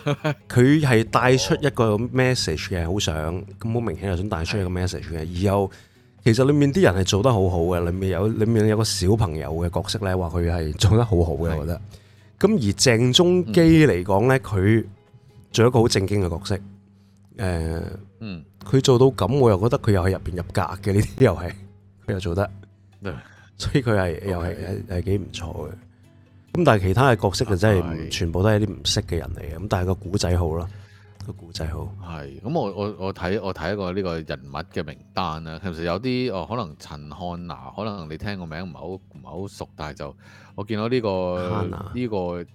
佢係帶出一個 message 嘅，好想咁好明顯係想帶出一個 message 嘅。而又其實裏面啲人係做得好好嘅，裏面有裏面有個小朋友嘅角色咧，話佢係做得好好嘅，的我覺得。咁而鄭中基嚟講咧，佢做一個好正經嘅角色，誒、呃，嗯，佢做到咁，我又覺得佢又係入面入格嘅呢啲又係，佢又做得，對所以佢係 Okay. 又係係幾唔錯嘅。咁但係其他嘅角色就真係是全部都係啲唔識嘅人嚟嘅，咁但係個古仔好咯，個古仔好
係。咁我我我睇我睇一個呢個人物嘅名單啦，其實有啲哦、呃，可能陳漢娜，可能你聽個名唔係好唔係好熟，但係就我見到呢、呢個呢 Hanna、呢個誒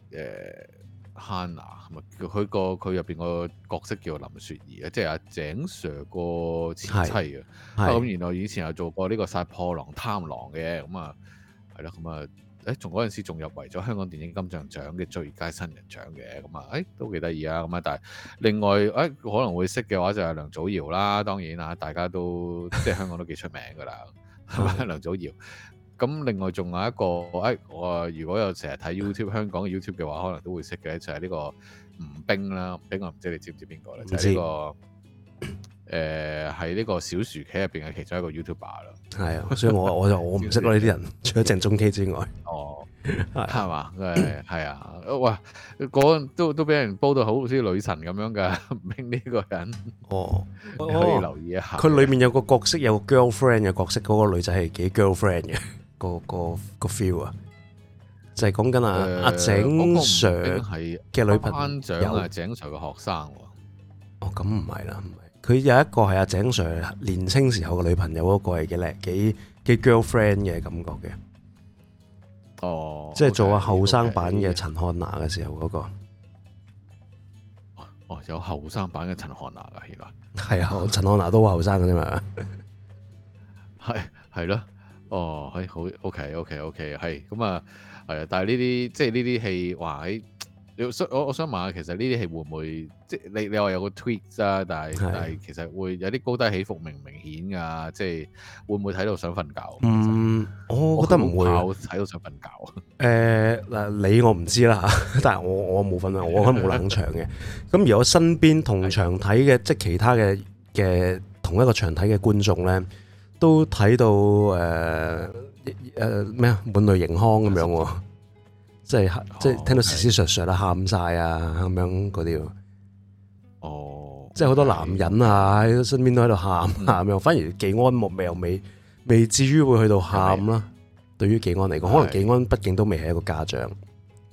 漢娜，咁啊佢個佢入邊個角色叫林雪兒啊，即係阿井 Sir 個前妻啊，咁原來以前係做過呢個《殺破狼貪狼》嘅，咁啊係咯，咁啊。誒，仲嗰陣時仲入圍咗香港電影金像獎嘅最佳新人獎嘅，咁啊，誒，都幾得意啊！咁啊，但係另外誒、哎、可能會識嘅話，就係梁祖堯啦。當然啊，大家都即係香港都幾出名噶啦， 梁祖堯？咁另外仲有一個誒、哎，我如果有成日睇 YouTube 香港嘅 YouTube 嘅話，可能都會識嘅，就係、是、呢個吳冰啦。吳冰我唔知你知唔知邊、這個咧？唔、呃、知。誒，係呢個《小薯茄》入邊嘅其中一個 YouTuber 啦。
係啊，所以我我就我唔識咯呢啲人，除咗鄭中基之外。
哦，係嘛，係啊，喂，嗰個都都俾人煲到好，好似女神咁樣嘅，呢個人。哦，可以留意一下。
佢裏面有個角色，有個 girlfriend 嘅角色，嗰個女仔係幾 girlfriend 嘅，個個個 feel 啊，就係講緊啊阿井 sir 係嘅女朋友，有
井 sir 嘅學生。哦，
咁唔係啦，唔係。佢有一個係阿井 Sir 年青時候嘅女朋友，嗰個係幾叻幾 girlfriend 嘅感覺嘅，哦，oh, okay，即係做個後生版嘅陳漢娜嘅時候嗰個，
哦，有後生版嘅陳漢娜啊，原
來係啊，陳漢娜都好後生嘅啫嘛，
係係咯，哦，係好 OK OK OK，係咁啊，係啊，但係呢啲即係呢啲戲話喺。我想我想問下，其實呢啲戲會唔會即係你你話有個 twist 啊？是但係但係其實會有啲高低起伏明唔明顯㗎，即係會唔會睇到想瞓
覺？嗯，我覺得唔會睇到想瞓覺。誒嗱、呃，你我唔知啦嚇，但係我我冇瞓啊，我覺得冇冷場嘅。咁 而我身邊同場睇嘅 即係其他嘅嘅同一個場睇嘅觀眾咧，都睇到誒誒咩啊，滿淚盈眶咁樣喎。 即係即係聽到嘶嘶削削啦，喊晒啊咁樣嗰啲哦，oh，即係好多男人啊喺身邊都喺度喊啊咁樣，反而技安木未又未未至於會去到喊啦。對於技安嚟講，可能技安畢竟都未係一個家長，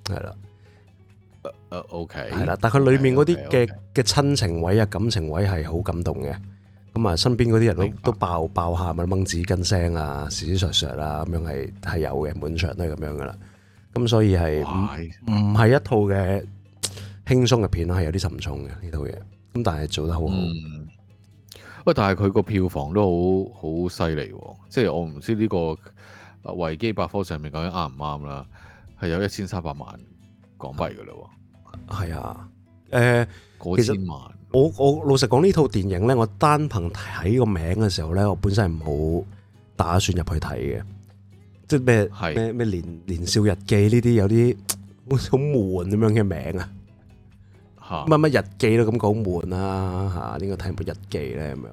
係
啦。OK，
係啦。但係佢裡面嗰啲嘅嘅親情位啊、感情位係好感動嘅。咁啊，身邊嗰啲人都都爆爆喊啊，掹紙巾聲啊、嘶嘶削削啊咁樣係係有嘅，滿場都係咁樣噶啦。咁所以係唔係一套嘅輕鬆嘅片咯，係有啲沉重嘅呢套嘢。咁但係做得好好。喂、嗯，但
係佢個票房都好好犀利，即係我唔知呢個維基百科上面講啱唔啱啦，係有一千三百萬港幣噶啦。係
啊，誒、呃，幾千萬，其實我我老實講呢套電影咧，我單憑睇個名嘅時候咧，我本身係冇打算入去睇嘅。即係咩咩咩年年少日記呢啲，有啲好悶咁樣嘅名啊，乜乜日記都咁講悶啊？嚇、啊，應該睇唔到日記咧，咁樣。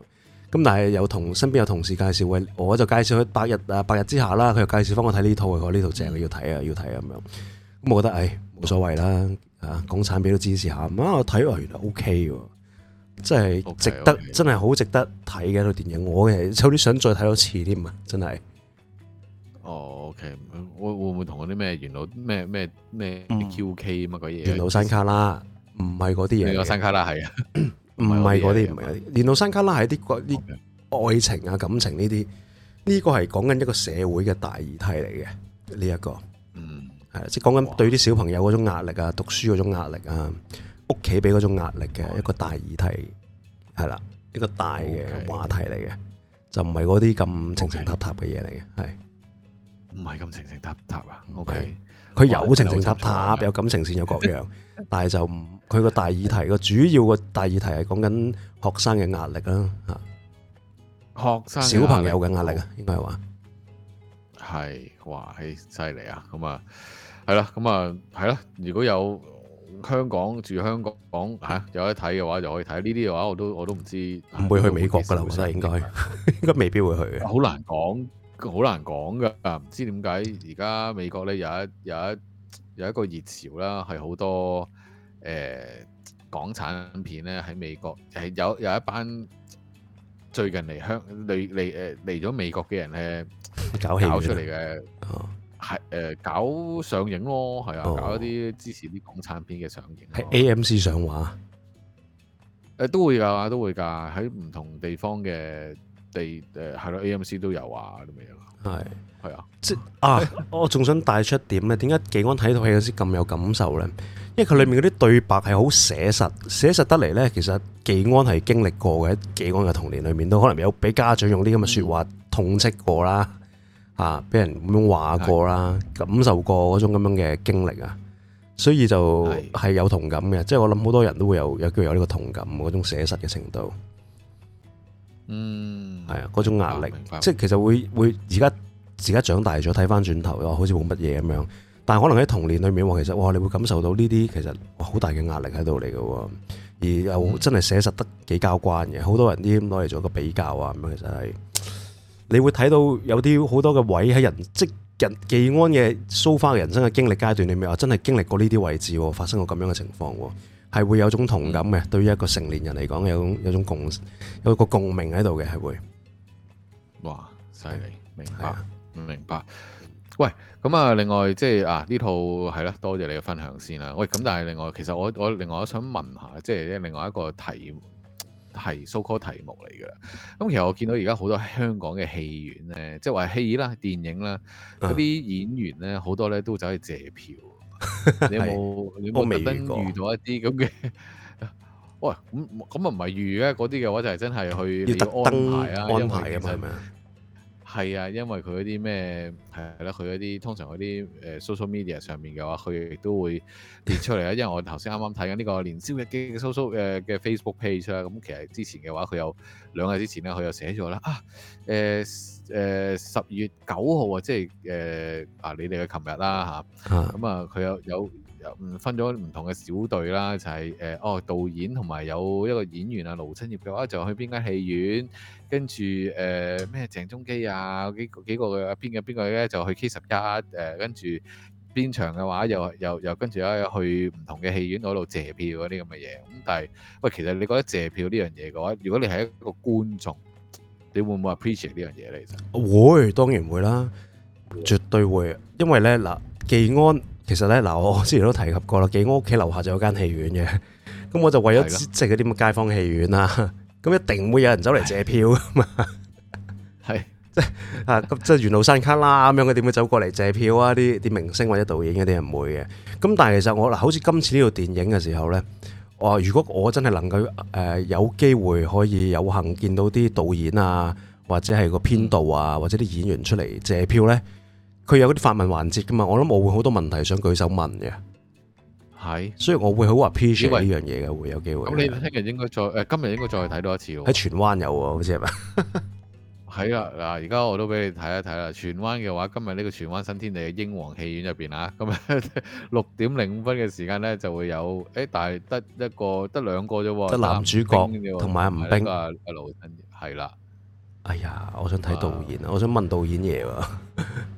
咁但係有同身邊有同事介紹，喂，我就介紹喺百日啊百日之下》啦，佢又介紹翻我睇呢套嘅，佢話呢套正嘅，要睇啊要睇啊咁樣。咁我覺得唉冇所謂啦，嚇，港、啊、產片都支持下。咁啊睇落原來 O K 喎，真係值得 okay, okay. 真係好值得睇嘅一套電影。我嘅有啲想再睇多次添啊，真係。
哦，OK，會會唔會同嗰啲咩元老咩咩咩 QK 乜嘢？元老山卡拉？
唔係嗰啲嘢。元老山卡拉係啊，唔係嗰啲唔係啲元老山卡拉係啲啲愛情啊感情呢啲，呢個係講緊一個社會嘅大議題嚟嘅，呢一個嗯係即係講緊對啲小朋友嗰種壓力啊，讀書嗰種壓力啊，屋企俾嗰種壓力嘅一個大議題係啦，一個大嘅話題嚟嘅 Okay. 就唔係嗰啲咁情情塔塔嘅嘢嚟嘅係。唔係咁情情塔塔啊，OK，佢有情情塔塔，有感情線，有各樣， 但係就唔，佢個大議題個主要個大議題係講緊學生嘅壓力啦吓，
學生小朋友嘅壓力好該啊，應
該係話係
哇係犀利啊，咁啊係啦，咁啊係啦，如果有香港住香港講吓、啊、有得睇嘅話，就可以睇呢啲嘅話我，我都我都唔知，唔會去美國噶啦，我覺得應該
應該未必會去，好難
講。 好難講㗎，唔知點解而家美國咧有一有一有一個熱潮啦，係好多誒港產片咧喺美國係有有一班最近嚟香嚟嚟誒嚟咗美國嘅人咧搞出嚟嘅，係誒搞上映咯，係啊，搞一啲支持啲港產片嘅上映，
喺 AMC 上畫
誒都會㗎，都會㗎，喺唔同地方嘅。地誒係咯，AMC 都有啊啲
咩咯，係係是啊，即啊，我仲想帶出點咧？點解 紀安睇套戲嗰時咁有感受咧？因為佢裏面嗰啲對白係好寫實，寫實得嚟咧。其實紀安係經歷過嘅，喺紀安嘅童年裏面都可能有俾家長用啲咁嘅説話痛斥過啦，嚇俾、嗯啊、人咁樣話過啦，的感受過嗰種咁樣嘅經歷啊，所以就係有同感嘅。即係的我諗好多人都會有有機會有呢個同感嗰種寫實嘅程度，嗯。係啊，嗰種壓力，白即係其實會會而家自己長大咗睇翻轉頭，又好似冇乜嘢咁樣。但係可能喺童年裏面，其實哇，你會感受到呢啲其實好大嘅壓力喺度嚟嘅。而又真係寫實得幾交關嘅，好多人啲攞嚟做一個比較啊，咁樣其實係你會睇到有啲好多嘅位喺人即人技安嘅 so far 人生嘅經歷階段裏面，啊真係經歷過呢啲位置發生過咁樣嘅情況，係會有種同感嘅。嗯、對於一個成年人嚟講，有種有種共有個共鳴喺度嘅，係會。哇，
犀利！明白，唔的明白。喂，咁、嗯、啊，另外即係啊呢套係啦，多謝你嘅分享先啦。喂，咁但係另外，其實我我另外想問下，即係另外一個題係 so called 題目嚟嘅。咁其實我見到而家好多香港嘅戲院呢，即係話戲啦、電影啦，嗰啲、嗯、演員呢，好多呢，都走去借票。 你有冇？ 你有冇未遇？遇到一啲咁嘅？喂，咁咁啊唔係預嘅嗰啲嘅話就係真係去安排啊安排嘅嘛咪啊？係啊，因為佢嗰啲咩係啦，佢啲、啊、通常嗰啲誒 social media 上面嘅話，佢亦都會列出嚟啊。 因為我頭先啱啱睇緊呢個年宵日記嘅 social 嘅嘅 Facebook page 啦，咁其實之前嘅話佢有兩日之前咧，佢又寫咗啦啊誒誒十月九號啊，呃呃、即係誒、呃、啊你哋嘅琴日啦嚇，咁啊佢有、 嗯、有。有嗯，分咗唔同嘅小隊啦，就係誒，哦，導演同埋有一個演員啊，盧鎮業嘅話就去邊間戲院，跟住誒咩鄭中基啊，幾幾個嘅邊個邊個咧就去 K 十一誒，跟住邊場嘅話又又又跟住咧又去唔同嘅戲院嗰度謝票嗰啲咁嘅嘢，咁但係喂，其實你覺得謝票呢樣嘢嘅話，如果你係一個觀眾，你會唔會 appreciate 呢樣嘢咧？會，
當然會啦，絕對會，因為咧嗱，技安。其實咧，嗱，我之前都提及過啦，記得我屋企樓下就有間戲院嘅，咁我就為咗即係嗰啲乜街坊戲院啊，咁一定會有人走嚟借票噶嘛，係即係啊，即係沿路山卡啦咁樣嘅點會走過嚟借票啊？啲啲明星或者導演嗰啲人唔會嘅。咁但係其實我嗱，好似今次呢套電影嘅時候咧，我話如果我真係能夠誒有機會可以有幸見到啲導演啊，或者係個編導啊，或者啲演員出嚟借票咧。佢有啲發問環節噶嘛，我諗我會好多問題想舉手問嘅，係是，所以我會好 appreciate 呢樣嘢，嘅會有機會。咁你聽
日應該再誒、呃，今日應該再睇多一次喎。
喺荃灣有啊，好似係咪？
係 啦，嗱，而家我都俾你睇一睇啦。荃灣嘅話，今日呢個荃灣新天地嘅英皇戲院入邊啊，咁樣六點零五分嘅時間咧就會有，誒，但係得一個，得兩個啫，得男主角同埋吳冰啊，阿盧係啦。
哎呀，我想睇導演啊！我想問導演嘢喎。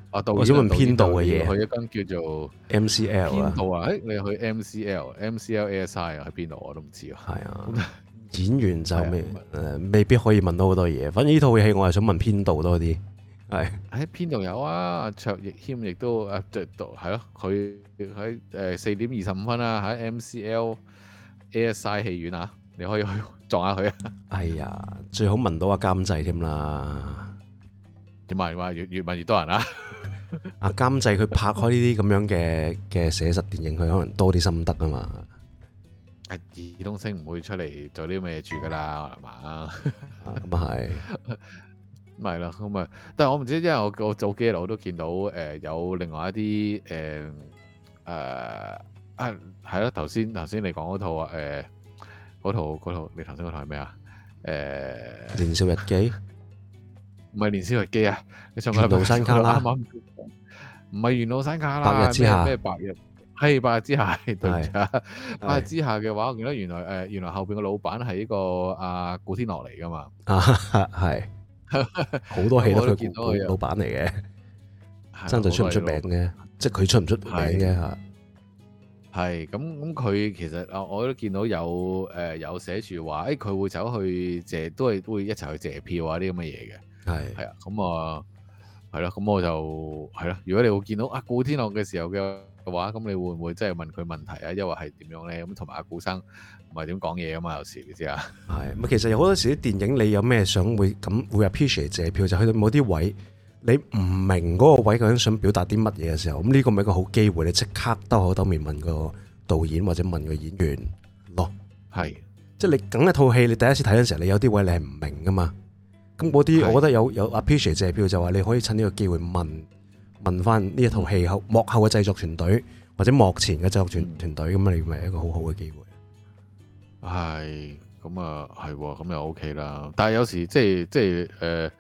我、啊、導演，我想問編導嘅嘢。去一間叫做 MCL 啊。編
啊、欸，你去 MCL MC、MCLA、SI 喺邊度我都唔知喎。係啊，啊
演員就未，誒、啊呃，未必可以問到好多嘢。反正呢套戲我係想問編導多啲。
係、啊。誒、欸，編導有啊，卓亦謙亦都誒，讀係咯，佢喺誒四點二十五分啊，喺 MCL ASI 戲院啊，你可以去。 撞下佢啊！哎呀，
最好問到阿監製添啦。點問話越越問越多人啦、啊。阿 監製佢拍開呢啲咁樣嘅嘅寫實電影，佢可能多啲心得啊嘛。
阿爾冬陞唔會出嚟做啲咩嘢住噶啦，係嘛？咁係，咪啦咁啊！但係我唔知，因為我我做記者，我都見到誒、呃、有另外一啲誒誒啊，係咯，頭先頭先你講嗰套啊誒。呃呃嗰套嗰套，你頭先嗰套係咩啊？誒，年少日記，唔係年少日記啊！你唱緊《元老山卡啦》，唔係《元老山卡啦》。白日之下咩白日？係白日之下，對唔住啊！白日之下嘅話，我見到原來誒，原來後邊嘅老闆係呢個阿古天樂嚟㗎嘛？
啊，係，好多戲都見到佢老老闆嚟嘅，真係出唔出名嘅，即係佢出唔出名嘅嚇。
係咁，咁佢其實啊，我都見到有，誒、呃、有寫住話誒，佢會走去借，都係都會一齊去借票啊啲咁嘅嘢嘅。係，係啊，咁啊，係咯，咁我就係咯，如果你會見到阿古天樂嘅時候嘅嘅話，咁你會唔會真係問佢問題啊？亦或係點樣咧？咁同埋阿古生唔係點講嘢啊嘛？有時你知啊，
係咪其實有好多時啲電影你有咩想會咁會 appreciate 借票就係，去到某啲位。你唔明嗰個位究竟想表達啲乜嘢嘅時候，咁呢個咪一個好機會你即刻兜口兜面問個導演或者問個演員咯。係是，即係你揀一套戲，你第一次睇嗰陣時候，你有啲位你係唔明㗎嘛。咁嗰啲我覺得有是有 appreciate 借票就話你可以趁呢個機會問問翻呢一套戲後幕後嘅製作團隊、嗯、或者幕前嘅製作團團隊，咁你咪一個好好嘅機會。
係，咁啊係，咁又、哦、OK 啦。但係有時即係即係誒。呃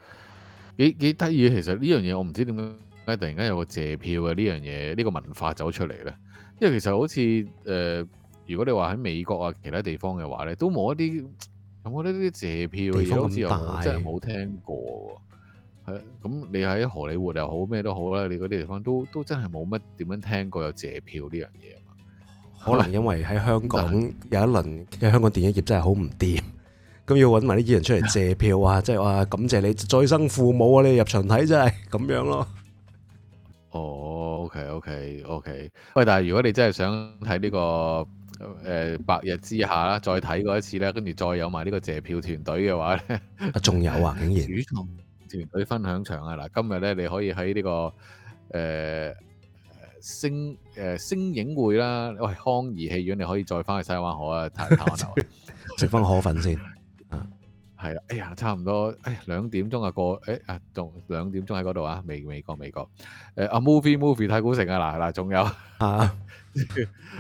幾幾得意其實呢樣嘢我唔知點解突然間有個借票嘅呢樣嘢，呢、這個文化走出嚟呢？因為其實好似誒、呃，如果你話喺美國啊其他地方嘅話咧，都冇一啲，有冇得呢啲借票嘅嘢好似又真係冇聽過喎。咁、嗯、你喺荷里活又好，咩都好啦，你嗰啲地方都都真係冇乜點樣聽過有借票呢樣嘢啊。
可能因為喺香港、嗯、有一輪嘅香港電影業真係好唔掂。咁要揾埋啲人出嚟借票啊！ 即係哇，感謝你再生父母啊！你入場睇真係咁樣咯。哦
，OK，OK，OK。喂、okay, okay,，okay。但係如果你真係想睇呢、這個誒、呃、白日之下啦，再睇過一次咧，跟住再有埋呢個借票團隊嘅話咧，仲有啊，竟然 主創團隊分享場啊！嗱，今日咧你可以喺呢、這個誒、呃、星誒、呃、星影會啦，喂、呃、康怡戲院，你可以再翻去西灣河啊，探下
食翻個河粉先。 .
係啦，哎呀，差唔多，哎，兩點鐘啊過，誒啊，仲兩點鐘喺嗰度啊，未未過未過，誒啊，movie movie 太古城啊，嗱嗱，仲有啊，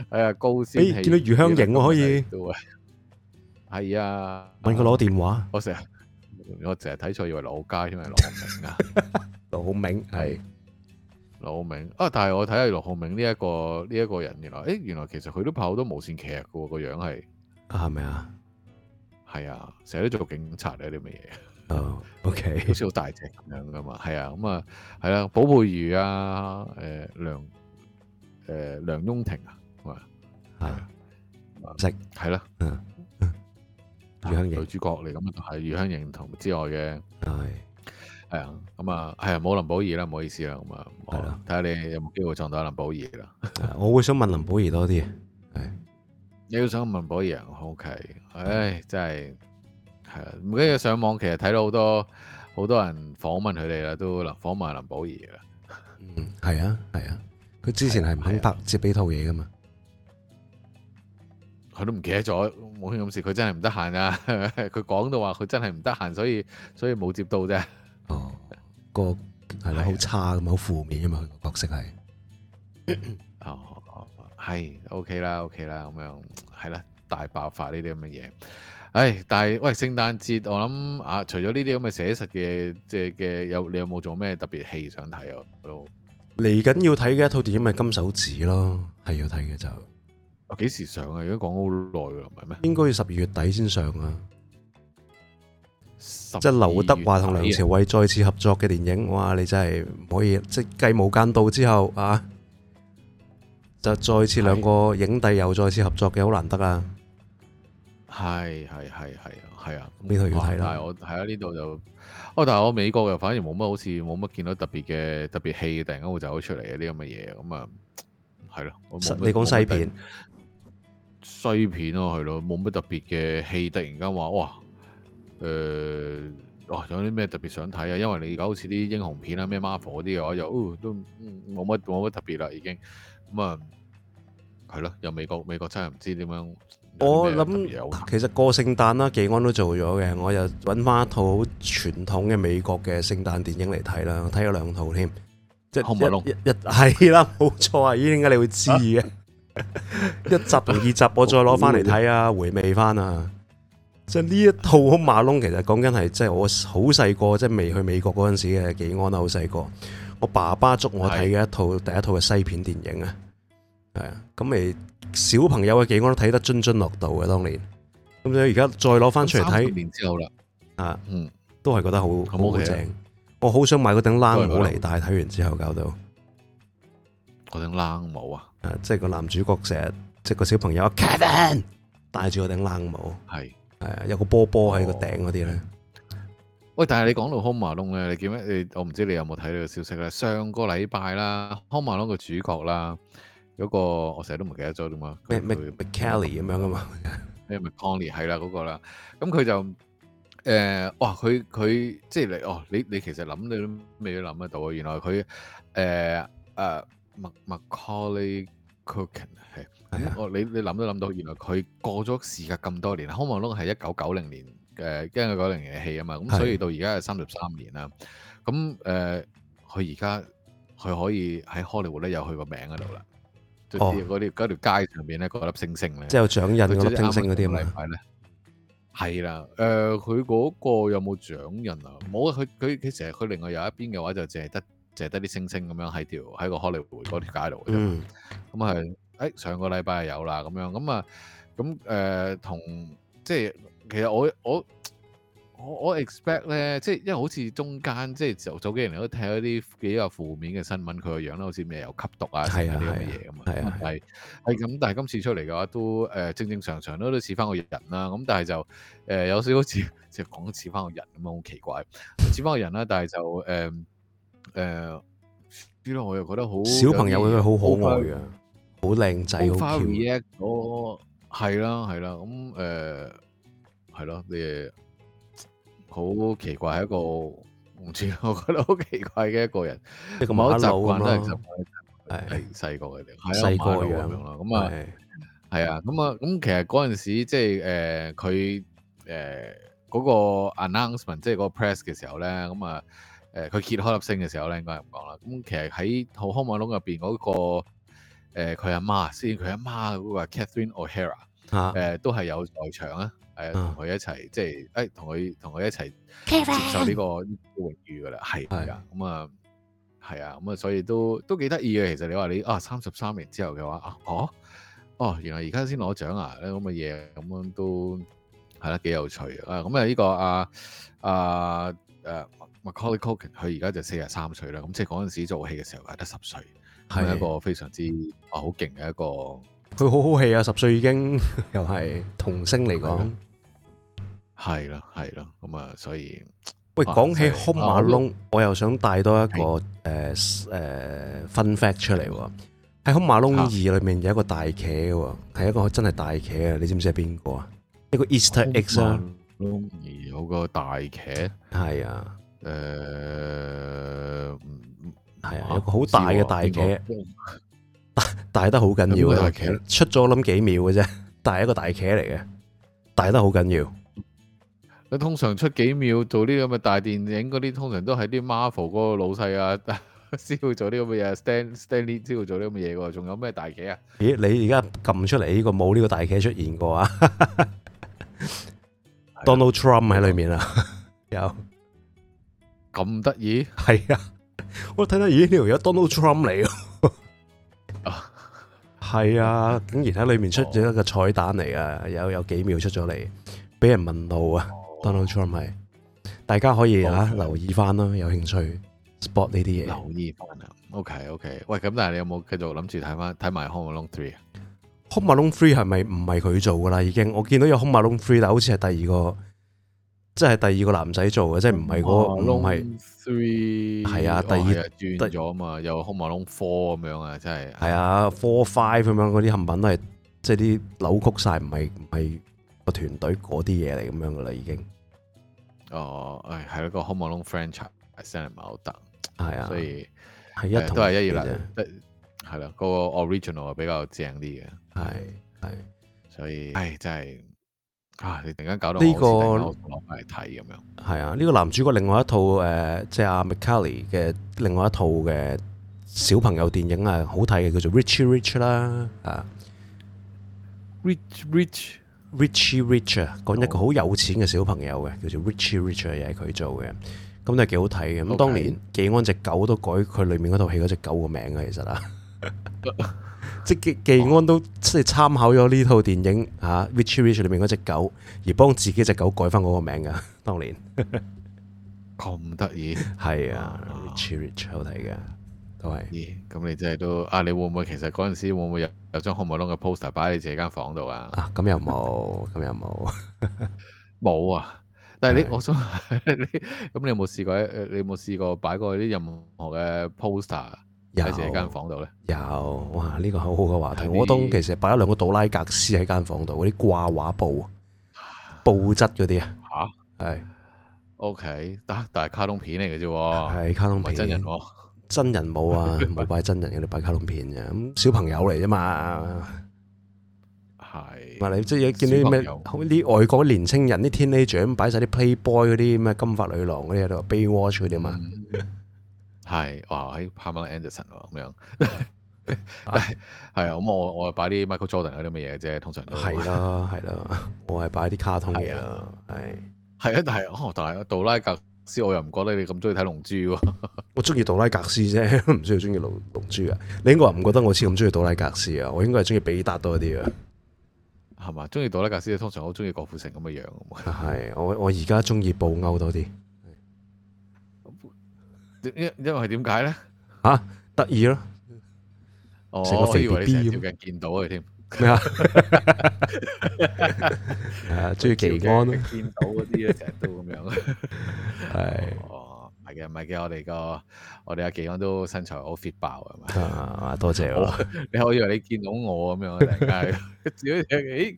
哎呀，高鮮，哎，見到余香瑩我可以，係啊，問佢攞電話，我成日，我成日睇錯以為老街添啊，羅浩明啊，羅浩明係，羅浩明啊，但係我睇下羅浩明呢一個呢一個人，原來，誒，原來其實佢都拍好多無線劇噶，個樣係，係咪啊？係啊，成日都做警察啊啲乜嘢哦，OK，好似好大隻咁樣噶嘛？係啊，咁啊，係、呃呃嗯、啊，寶佩儀啊，誒梁誒梁雍婷啊，係啊，即係啦，嗯，余香凝女主角嚟咁啊，係余香凝同之外嘅，係係啊，咁啊，係啊，冇林寶儀啦，唔好意思啊。咁啊，係啦、啊，睇下你有冇機會撞到林寶儀啦。
我會想問林寶儀多啲，係。
你要想問寶儀，O K，唉，真係係啦，唔緊要上網，其實睇到好多好多人訪問佢哋啦，都訪林訪問林寶儀啦。嗯，
係啊，係啊，佢之前係唔肯拍接呢套嘢噶嘛，
佢都唔記得咗，冇興咁事，佢真係唔得閒啊，佢講、啊啊、 到話佢真係唔得閒，所以所以冇接到啫。哦，
個係啦，好差咁，好負面啊嘛，佢個角色係。
係 OK 啦，OK 啦，咁樣係啦，大爆發呢啲咁嘅嘢。唉，但係喂，聖誕節我諗啊，除咗呢啲咁嘅寫實嘅，即係嘅有，你有冇做咩特別戲想睇啊？都
嚟緊要睇嘅一套電影咪《金手指》咯，係要睇嘅就，啊幾時上啊？而家講好耐啦，唔係咩？應該要十二月底先上啊。即係劉德華同梁朝偉再次合作嘅電影，哇！你真係唔可以，即係繼《無間道》之後啊。就再次兩個影帝又再次合作嘅，好的難得啊。係
係係係啊，
係啊，邊套要睇咧？哇！
但係我係啊，呢度就哦，但係我美國又反而冇乜好似冇乜見到特別嘅特別戲，突然間會走出嚟啲咁嘅嘢。咁啊，係咯，你講西片西片咯，係咯，冇乜特別嘅戲，突然間話哇，誒、呃、哇有啲咩特別想睇啊？因為你而家好似啲英雄片啊，咩 Marvel 嗰啲嘅，我就哦都冇乜冇乜特別啦，已經。咁啊，係咯、嗯，有美國，美國真係唔知點樣。
我諗，其實過聖誕啦，技安都做咗嘅。我又揾翻一套好傳統嘅美國嘅聖誕電影嚟睇啦，我睇咗兩套添。即係馬龍，一係啦，冇錯啊！咦，點解你會知嘅？啊、 一集同二集，我再攞翻嚟睇啊，回味翻啊！即係呢一套《馬龍》，其實講緊係，即係我好細個，即係未去美國嗰陣時嘅技安，好細個。我爸爸捉我睇嘅一套的第一套嘅西片電影啊，係啊，咁誒小朋友嘅記憶我都睇得津津樂道嘅當年。咁你而家再攞翻出嚟睇三年之後啦，啊，嗯，都係覺得好、啊、好正，我好、哦、想買嗰頂冷帽嚟，戴，睇完之後搞到嗰頂冷帽啊，即係個男主角成日即係個小朋友 Captain 戴住嗰頂冷帽，係係的的有個波波喺個頂嗰啲咧。
喂，但係你講到《康馬龍》咧，你叫咩？你我唔知你有冇睇呢個消息咧。上個禮拜啦，《康馬龍》個主角啦，嗰、那個我成日都唔記得咗咋嘛，咩咩 Macaulay 咁樣啊嘛？咩 Macaulay 係啦嗰個啦。咁佢、 那個嗯、就誒、呃、哇，佢佢即係你哦，你你其實諗你未都諗得到啊。原來佢誒誒 Mac Macaulay Culkin 係啊。哦，你你諗都諗到，原來佢、呃啊嗯哎、呀過咗時隔咁多年，《康馬龍》係一九九零年。誒，驚佢九零年嘅戲啊嘛，咁所以到而家係三十三年啦。咁誒，佢而家佢可以喺 Hollywood 咧有佢個名喺度啦，即係嗰啲嗰條街上邊咧嗰粒星星咧，即係有掌印嗰啲星星嗰啲啊嘛。係啦，誒，佢嗰個有冇掌印啊？冇啊，佢佢佢其實佢另外有一邊嘅話就淨係得淨係得啲星星咁樣喺條喺個 Hollywood 嗰條街度。嗯，咁係誒上個禮拜係有啦，咁樣咁啊咁誒同即係。其實我我我我 expect 咧，即係因為好似中間即係就早幾年都睇到啲幾個負面嘅新聞，佢個樣咧好似咩有吸毒啊，啲咁嘅嘢咁啊，係係咁。但係今次出嚟嘅話都誒、呃、正正常常咯，都似翻個人啦。咁但係就誒、呃、有少好似即係講似翻個人咁啊，好奇怪似翻個人啦。但係就誒誒，呢、呃、度、呃、我又覺得好小朋友佢係好可愛嘅，
好靚仔，好 react。
係啦係啦，咁誒。係咯，你好奇怪，有有一個唔知我覺得好奇怪嘅一個人，冇習慣都係習慣，係細個嘅，細個樣啦。咁啊，係啊，咁啊，咁其實嗰陣時即係誒，佢誒嗰個 announcement 即係嗰個 press 嘅時候咧，咁、嗯、啊，誒、呃、佢揭開粒星嘅時候咧，應該係咁講啦。咁其實喺、嗰個《好康網》籠入邊嗰個誒佢阿媽先，佢阿媽嗰個 Catherine O’Hara 誒都係有在場啊。係同佢一齊即係，誒，同佢同佢一齊接受呢、這個榮譽㗎啦，係係啊，咁啊係啊，咁啊的、嗯，所以都都幾得意嘅。其實你話你啊，三十三年之後嘅話啊，哦，哦，原來而家先攞獎啊，咁嘅嘢，咁樣都係啦，幾、嗯、有趣啊。咁啊，呢個阿阿誒 Macaulay Culkin，佢而家就四十三歲啦。咁、嗯、即係嗰陣時做戲嘅時候係得十歲，
係的一個
非常之、嗯、啊好勁嘅一個。
佢好好戲啊，十歲已經又係童星嚟講。
係咯，係咯，咁啊，所以
喂，講起空馬窿，我又想帶多一個誒誒 fun fact 出嚟喎。喺空馬窿二裏面有一個大茄嘅，係一個真係大茄啊！你知唔知係邊個啊？一個 Easter egg 啊，馬窿二有個大茄，係啊，誒，係啊，有個好大嘅大茄，大得好緊要大茄啊！出咗冧幾秒嘅啫，但係一個大茄嚟嘅，大得好緊要。
通常出幾秒做呢咁嘅大電影嗰啲，通常都係啲 Marvel 嗰個老細啊，先 會做呢咁嘅嘢。Stan Stan Lee 先會做呢咁嘅嘢喎。仲有咩大企啊？
咦？你而家撳出嚟呢個冇呢個大企出現過啊， 啊？Donald Trump 喺裏面啊？有咁得意？係啊！我睇到咦？呢度有 Donald Trump 嚟 啊？係啊！竟然喺裏面出咗一個彩蛋嚟啊！有有幾秒出咗嚟，俾人問到啊！Donald Trump 係，大家可以嚇斯、啊、留意翻咯，有興趣 sport 呢啲嘢。留意翻
啊，OK OK。喂，咁但係你有冇繼續諗住睇翻睇埋《Home Alone Three》啊？
《Home Alone Three》係咪唔係佢做噶啦？已經我見到有《Home Alone Three》，但好似係第二個，即係第二個男仔做嘅，Home 即係唔係嗰唔係
Three 係啊，第二、哦、轉咗啊嘛，有《Home Alone Four》咁樣啊，真
係係啊 Four Five 咁樣嗰啲冚品都係即係啲扭曲晒，唔係唔係。個團隊嗰啲嘢嚟咁樣噶啦，已經哦，誒，係一個
Home Alone franchise，係先係唔係好得，係啊，所以係一都係一樣，係啦，嗰個 original 啊比較正啲嘅，係係，所以，誒，真係啊，你突然間搞到呢個攞翻嚟睇咁樣，
係啊，呢個男主角另外一套誒，即係阿 Macaulay 嘅另外一套嘅小朋友電影啊，好睇嘅，叫做 Richie Rich 啦，啊，Rich Rich。Richie Richard 講一個好有錢嘅小朋友嘅，叫做 Richie Richard 又係，佢做嘅，咁都係幾好睇嘅。咁當年紀安隻狗都改佢裏面嗰套戲嗰隻狗個名嘅，其實啦， 即係紀紀安都即係參考咗呢套電影，oh. 啊，Richie Richard 裏面嗰隻狗而幫自己隻狗改翻嗰個名噶， 當年咁得意，係 啊，Richie、oh. Rich, Richard, 好睇嘅。喂，咁、嗯、你真係都
啊？你會唔會其實嗰陣時會唔會有有張《康威龍》嘅 poster 擺喺你自己間房度啊？啊，
咁又冇，咁又冇，冇 啊！但係你，的我
想 你咁，你有冇試過？你有冇試過擺過啲任何嘅 poster 喺有自己間房度咧？
有哇！呢、這個好好嘅話題。的我都其實擺咗兩個杜拉格斯喺間房度，嗰啲掛畫布，布質嗰啲啊。吓的，係
OK，但但係卡通片嚟嘅啫。係的的卡通片，唔係真人。
真人冇啊，唔係擺真人，有啲擺卡通片嘅，咁小朋友嚟啫嘛。係 是。嗱，你即係見啲咩？啲外國年青人啲 teenager 擺晒啲 playboy 嗰啲咩金髮女郎嗰啲喺度 Baywatch 嗰啲嘛。
係， 哇！喺 Pamela Anderson 啊，咁樣。係 啊， 咁、嗯、我我又擺啲 Michael Jordan 嗰啲乜嘢啫，通常都。都係啦，係啦，
我係擺啲卡通嘢
啊，係、啊。係啊，但係，哦，但係，杜拉格。我又唔覺得你咁中意睇龍珠喎，
我中意杜拉格斯啫，唔需要中意龍龍珠啊！你應該話唔覺得我似咁中意杜拉格斯啊，我應該係中意比達多啲啊，
係嘛？中意杜拉格斯通常好中意郭富城咁嘅樣，
係 我我而家中意布歐多啲，
因為因為係點解咧？
吓得意咯，成、哦、個肥 B 要
見到佢添。咩啊？係啊什，中意技安咯。見到嗰啲嘢成日都咁樣。係 哦， 唔係嘅，唔係嘅。我哋個我哋阿技安都身材好 fit 爆啊嘛。多謝我。 你以為你見到我咁樣？大家少少咦，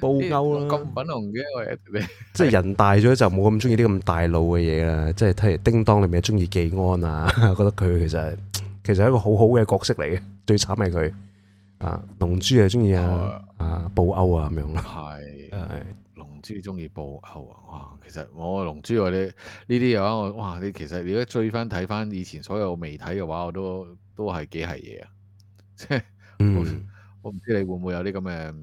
布鈎啦。咁粉紅嘅我係。即
係人大咗就冇咁中意啲咁大腦嘅嘢啦。即係睇嚟叮當，你咪中意技安啊？覺得佢其實其實係一個好好嘅角色嚟嘅。最慘係佢。啊！龍珠又中意啊！啊！布歐啊咁樣咯，係、
啊，是是龍珠中意布歐啊！哇！其實我龍珠嗰啲呢啲嘅話，我哇你其實你果追翻睇翻以前所有未睇嘅話，我都都係幾係嘢啊！即 係我、嗯嗯，我唔知你會唔會有啲咁嘅。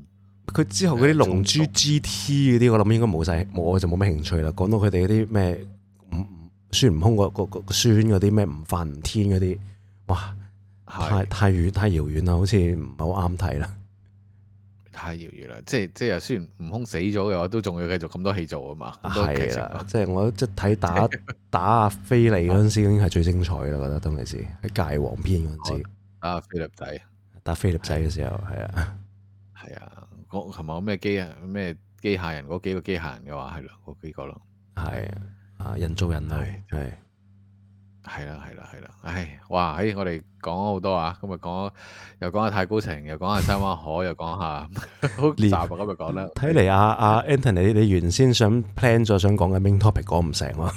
佢之後嗰啲龍珠 GT 嗰啲，我諗應該冇晒，我就冇咩興趣啦。講到佢哋嗰啲咩，唔，孫悟空個個個孫嗰啲咩悟飯悟天嗰啲，哇！太太遠太遙遠啦，好似唔係好啱睇啦。
太遙遠啦，即係即係，雖然悟空死咗嘅話，都仲要繼續咁多戲做啊嘛。係啦，
即係我即係睇打打阿飛利嗰陣時，已經係最精彩啦，覺得當時喺界王篇嗰陣時。
打飛立仔，
打飛立仔嘅時候係啊，
係啊，我琴日有咩機啊咩機械人嗰幾個機械人嘅話係咯，嗰幾個咯。係啊，人造人啊，係。係啦，係啦，係啦，唉，哇，唉、哎，我哋講咗好多啊，今日講又講下太古城，又講下西灣河，又講下好雜啊，今日講啦。
睇嚟啊阿 Anthony，你原先想 plan 咗想講嘅 main topic 講唔成啊？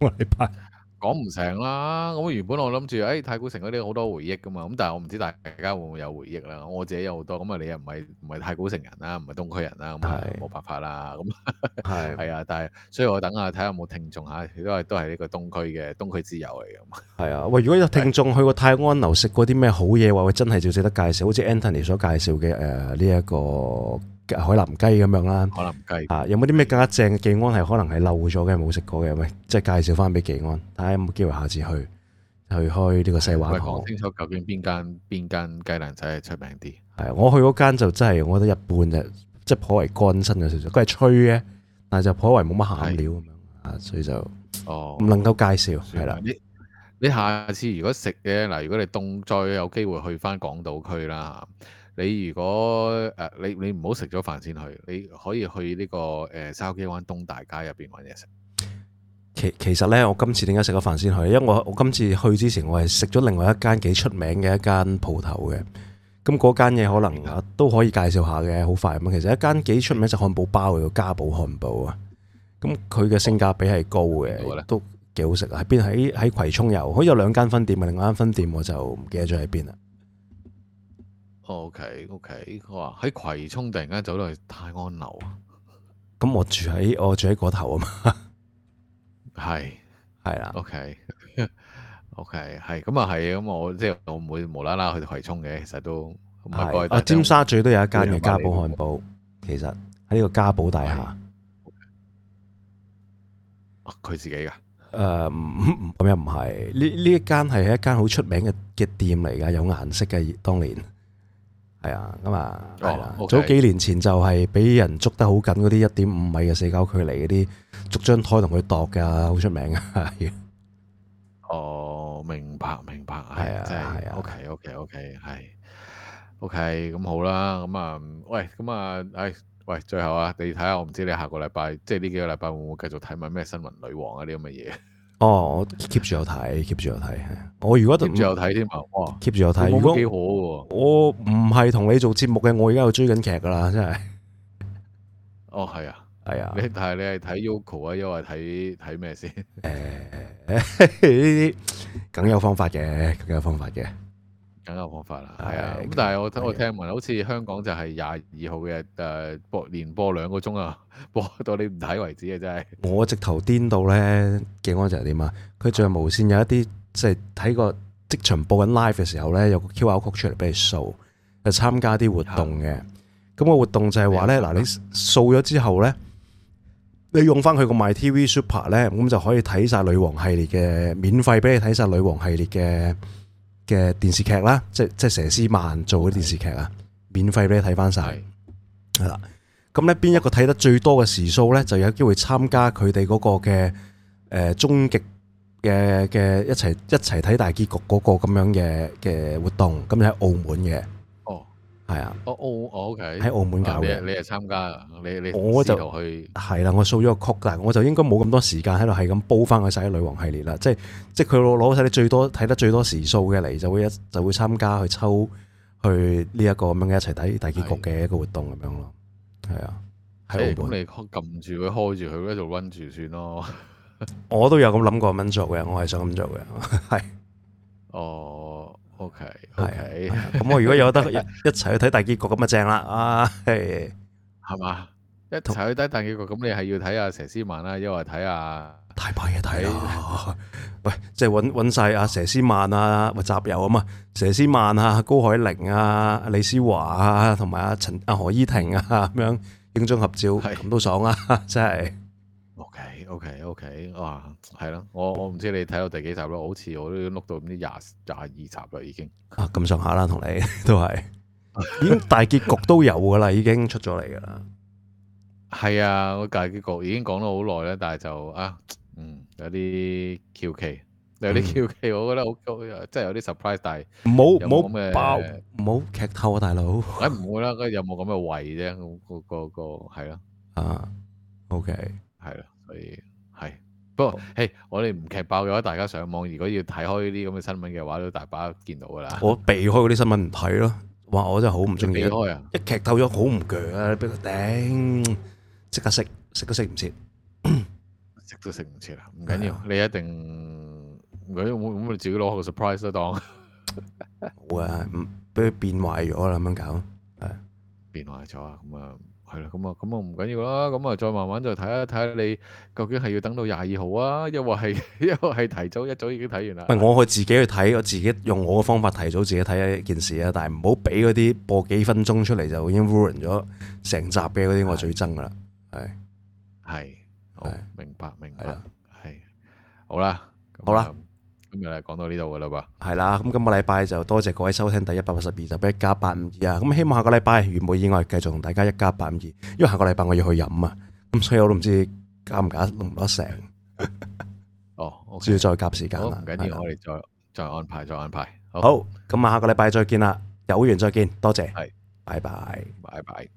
我哋
拍。 講唔成啦，咁原本我諗住，誒、哎、太古城嗰啲好多回憶㗎嘛，咁但係我唔知大家會唔會有回憶啦，我自己有好多，咁啊你又唔係唔係太古城人啦，唔係東區人啦，咁係冇辦法啦，咁係係啊，但係所以我等下睇下有冇聽眾嚇，都係都係呢個東區嘅東區之友嚟
嘅。係啊，喂，如果有聽眾去過太安樓食過啲咩好嘢，或者真係最值得介紹，好似 Anthony 所介紹嘅誒呢一個。海南雞咁樣啦，海南雞啊，有冇啲咩更加正嘅？技安係可能係漏咗嘅，冇食過嘅，咪即係介紹翻俾技安，睇下有冇機會下次去去開呢個西灣河。講
清楚究竟邊間邊間雞蛋仔係出名啲？
係，我去嗰間就真係我覺得一般啫，即係頗為乾身有少少，佢係吹嘅，但係就頗為冇乜餡料咁樣是啊，所以就哦唔能夠介紹係啦
了的。你你下次如果食嘅嗱，如果你凍再有機會去翻港島區啦。你如果誒你你唔好食咗飯先去，你可以去呢個誒筲箕灣東大街入邊揾嘢食。
其其實咧，我今次點解食咗飯先去？因為我我今次去之前，我係食咗另外一間幾出名嘅一間鋪頭嘅。咁嗰間嘢可能都可以介紹下嘅，好快咁。其實一間幾出名食漢堡包嘅家堡漢堡啊。咁佢嘅性價比係高嘅，都幾好食啊。喺邊？喺喺葵涌有，好似有兩間分店啊。另外間分店我就唔記得咗喺邊啦。
O K O K，佢話喺葵涌突然間走到去太安樓
啊。咁我住喺我住喺嗰頭啊嘛。
係係啦。O K O K 係咁啊，係咁我即係我唔會無啦啦去葵涌嘅，其實都
唔係是啊，尖沙咀都有一間嘅嘉寶漢堡，嗯、其實喺呢個嘉寶大廈。
佢、嗯啊、自己噶？
誒、呃，咁又唔係呢？呢、嗯、一間係一間好出名嘅嘅店嚟噶，有顏色嘅當年。係啊，咁、嗯、啊，嗯嗯、早幾年前就係俾人捉得好緊嗰啲一點五米嘅社交距離嗰啲，捉張台同佢度噶，好出名噶。啊、
哦，明白明白，係啊，係啊，啊，啊，OK OK OK，係 OK，咁好啦。咁啊，okay，喂，咁啊，誒，喂，最後啊，你睇下，我唔知你下個禮拜，即係呢幾個禮拜會唔會繼續睇埋咩新聞女王嗰啲咁嘅嘢。這個
哦，我 keep 住有睇，keep 住有睇，係我如果 keep 住有睇添啊，哇，keep 住有睇，如果幾好嘅，我唔係同你做節目嘅，我而家又追緊劇噶啦，真係，
哦係啊，係啊，你但係你係睇 Yoko 啊，又係睇睇咩先？誒，
呢啲梗有方法嘅，梗有方法嘅。
梗有講法啦，係啊、嗯。咁但係我我聽聞的好似香港就係廿二號嘅誒播連播兩個鐘啊，播到你唔睇為止嘅真係。
我直頭癲到咧，嘅安全係點啊？佢最係無綫有一啲、就是、即係睇個職場播緊 live 嘅時候咧，有個 Q R code 出嚟俾你掃，就參加啲活動嘅。咁個的活動就係話咧，嗱的你掃咗之後咧，你用翻佢個 My TV Super 咧，咁就可以睇晒女王系列嘅，免費俾你睇晒女王系列嘅。嘅電視劇啦，即係即係佘詩曼做嘅電視劇啊，免費俾你睇返晒，係啦。咁咧邊一個睇得最多嘅時數咧，就有機會參加佢哋嗰個嘅誒終極嘅嘅一齊一齊睇大結局嗰個咁樣嘅嘅活動，咁喺澳門嘅。係啊，
澳澳我喺澳門搞嘅，你你係參加啊，你
你，你，你我就去係啦，我掃咗個曲架，但我就應該冇咁多時間喺度係咁煲翻個晒女王系列啦，即係即係佢攞攞晒你最多睇得最多時數嘅嚟，就會一就會參加去抽去呢、這個、一個咁樣一齊睇大結局嘅一個活動咁樣咯，係啊的，喺澳門、欸、
你撳住佢開住佢，喺度溫住算咯，
我都有咁諗過咁樣做嘅，我係想咁做嘅，係哦。
O K，係咁我如果有得一
一齊去睇大結局咁就正啦啊。係、哎、嘛，一齊去睇大結局咁你係要睇阿佘詩曼啦，亦或睇阿大把嘢睇，喂即係搵晒阿佘詩曼啊，或集郵啊嘛，佘詩曼啊，高海寧啊，李詩華啊，同埋阿陳阿何依婷啊咁樣影張合照咁、哎、都爽啊，真係。
O K O K，哇，係咯，我我唔知你睇到第幾集咯，好似我都碌到唔知廿廿二集啦，已經
啊，咁上下啦，同你都係，已經大結局都有噶啦，已經出咗嚟噶啦，
係啊， 我大結局已經講咗好耐咧，但係就啊，嗯，有啲橋期，有啲橋期，我覺得好都即係有啲 surprise，但係冇好咁嘅爆，
劇、嗯、透啊，大佬，梗
唔、哎、會啦，有冇咁嘅位啫，嗰、嗰個、嗰個係咯，
嗰個、啊，O K，係啦。Okay.
係，不過，誒好，hey, 我哋唔劇爆嘅話，大家上網如果要睇開呢啲咁嘅新聞嘅話，都大把見到噶啦。我避開
嗰啲新聞唔睇咯，哇！我真係好唔中意，避開啊！一劇透咗好唔鋸啊！俾佢頂，即刻識，識都識唔切，識都識唔切啦，唔緊要，你一定，
咁我咁你自己攞個 surprise 都當，好
啊，唔俾佢變壞咗啦，咁樣搞，係變壞咗啊，咁啊。係啦，咁啊，咁啊唔
緊要啦，咁啊再慢慢再睇啊，睇下你究竟係要等到廿二號啊，又或係又或係提早一早已經睇完啦。
唔係，我係自己去睇，我自己用我嘅方法提早自己睇一件事啊，但係唔好俾嗰啲播幾分鐘出嚟就已經 ruin 咗成集嘅嗰啲，我最憎噶啦。係係，哦，明白明白，係好啦，好啦。今日嚟講到呢度嘅啦噃，係啦，咁、嗯、今個禮拜就多謝各位收聽第一百八十二集《一家八五二》啊！咁希望下個禮拜，如果冇意外，繼續同大家一家八五二。因為下個禮拜我要去飲啊，咁所以我都唔知夾唔夾，錄唔錄得成。嗯、 哦，
我、okay, 需要再夾時間啦，唔緊要，的我哋再再安排，再安排。好，
咁、嗯、下個禮拜再見啦，有緣再見，多謝，係的，拜拜 bye，拜拜。